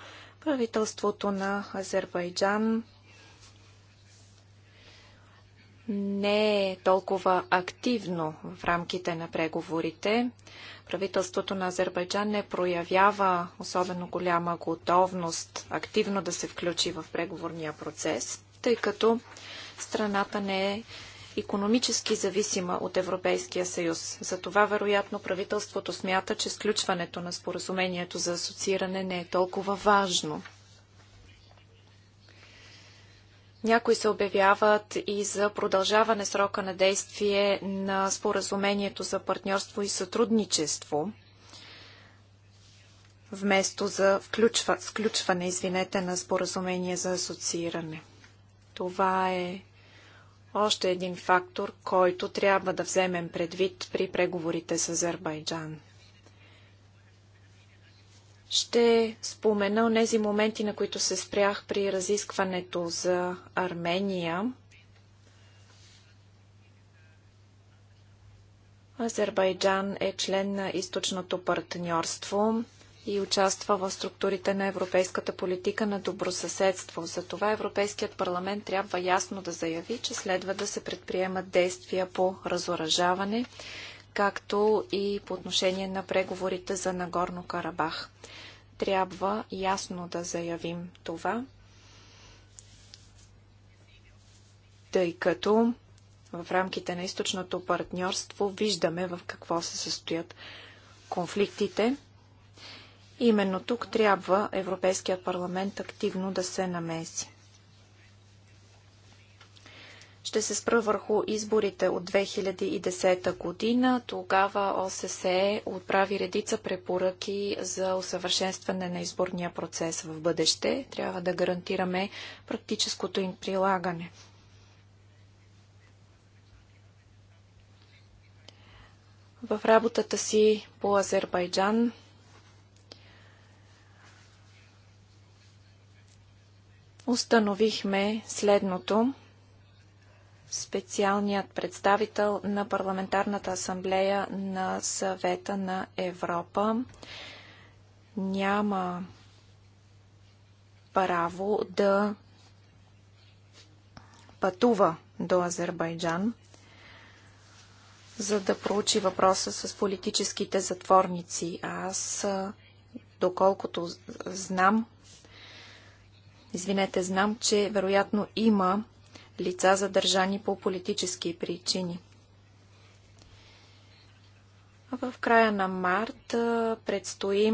правителството на Азербайджан не е толкова активно в рамките на преговорите. Правителството на Азербайджан не проявява особено голяма готовност активно да се включи в преговорния процес, тъй като страната не е економически зависима от Европейския съюз. Затова, вероятно, правителството смята, че сключването на споразумението за асоцииране не е толкова важно. Някои се обявяват и за продължаване срока на действие на споразумението за партньорство и сътрудничество, вместо за включва, включване извинете, на споразумение за асоцииране. Това е още един фактор, който трябва да вземем предвид при преговорите с Азербайджан – ще спомена тези моменти, на които се спрях при разискването за Армения. Азербайджан е член на източното партньорство и участва в структурите на европейската политика на добросъседство. Затова Европейският парламент трябва ясно да заяви, че следва да се предприемат действия по разоръжаване както и по отношение на преговорите за Нагорно Карабах. Трябва ясно да заявим това, тъй като в рамките на източното партньорство виждаме в какво се състоят конфликтите. Именно тук трябва Европейският парламент активно да се намеси. Ще се спра върху изборите от 2010 година. Тогава ОССЕ отправи редица препоръки за усъвършенстване на изборния процес в бъдеще. Трябва да гарантираме практическото им прилагане. В работата си по Азербайджан установихме следното специалният представител на Парламентарната асамблея на съвета на Европа няма право да пътува до Азербайджан, за да проучи въпроса с политическите затворници. Аз, доколкото знам, извинете, знам, че вероятно има лица задържани по политически причини. В края на март предстои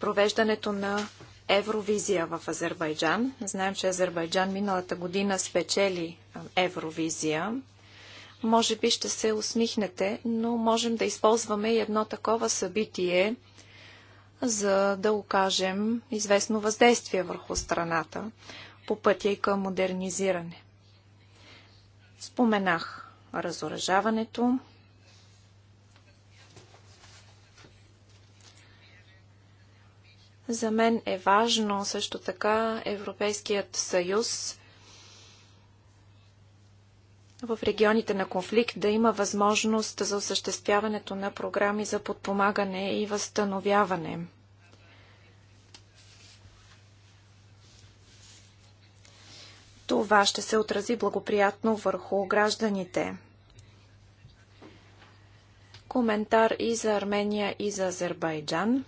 провеждането на Евровизия в Азербайджан. Знаем, че Азербайджан миналата година спечели Евровизия. Може би ще се усмихнете, но можем да използваме и едно такова събитие, за да окажем известно въздействие върху страната по пътя и към модернизиране. Споменах разоръжаването, За мен е важно също така Европейският съюз в регионите на конфликт да има възможност за осъществяването на програми за подпомагане и възстановяване. Това ще се отрази благоприятно върху гражданите. Коментар и за Армения, и за Азербайджан.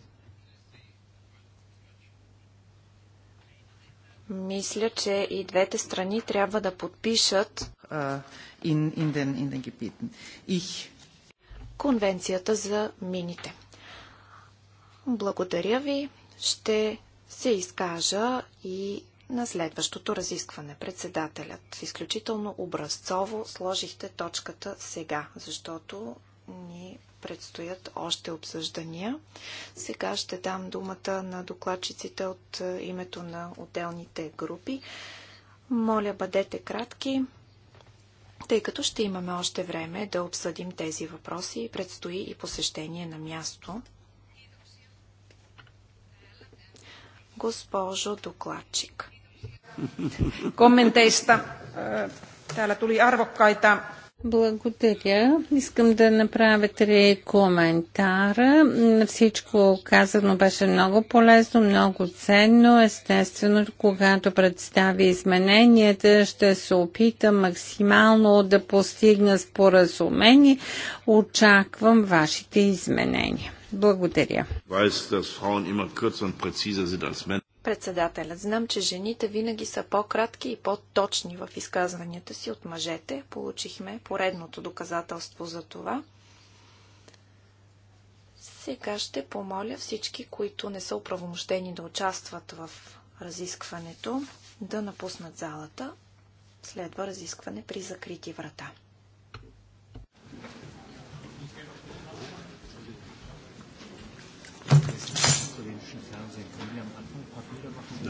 Мисля, че и двете страни трябва да подпишат uh, in, in den, in den ich... конвенцията за мините. Благодаря ви. Ще се изкажа и на следващото разискване. Председателят, изключително образцово сложихте точката сега, защото ни предстоят още обсъждания. Сега ще дам думата на докладчиците от е, името на отделните групи. Моля, бъдете кратки, тъй като ще имаме още време да обсъдим тези въпроси. Предстои и посещение на място. Госпожо докладчик, kommenteista. Täällä tuli arvokkaita благодаря. Искам да направя три коментара. Всичко казано беше много полезно, много ценно. Естествено, когато представи измененията, ще се опитам максимално да постигна споразумение. Очаквам вашите изменения. Благодаря. Председателят, знам, че жените винаги са по-кратки и по-точни в изказванията си от мъжете. Получихме поредното доказателство за това. Сега ще помоля всички, които не са оправомощени да участват в разискването, да напуснат залата. Следва разискване при закрити врата. Thank you du den Schnitt Fernsehen? Können wir am Anfang ein paar Bilder machen?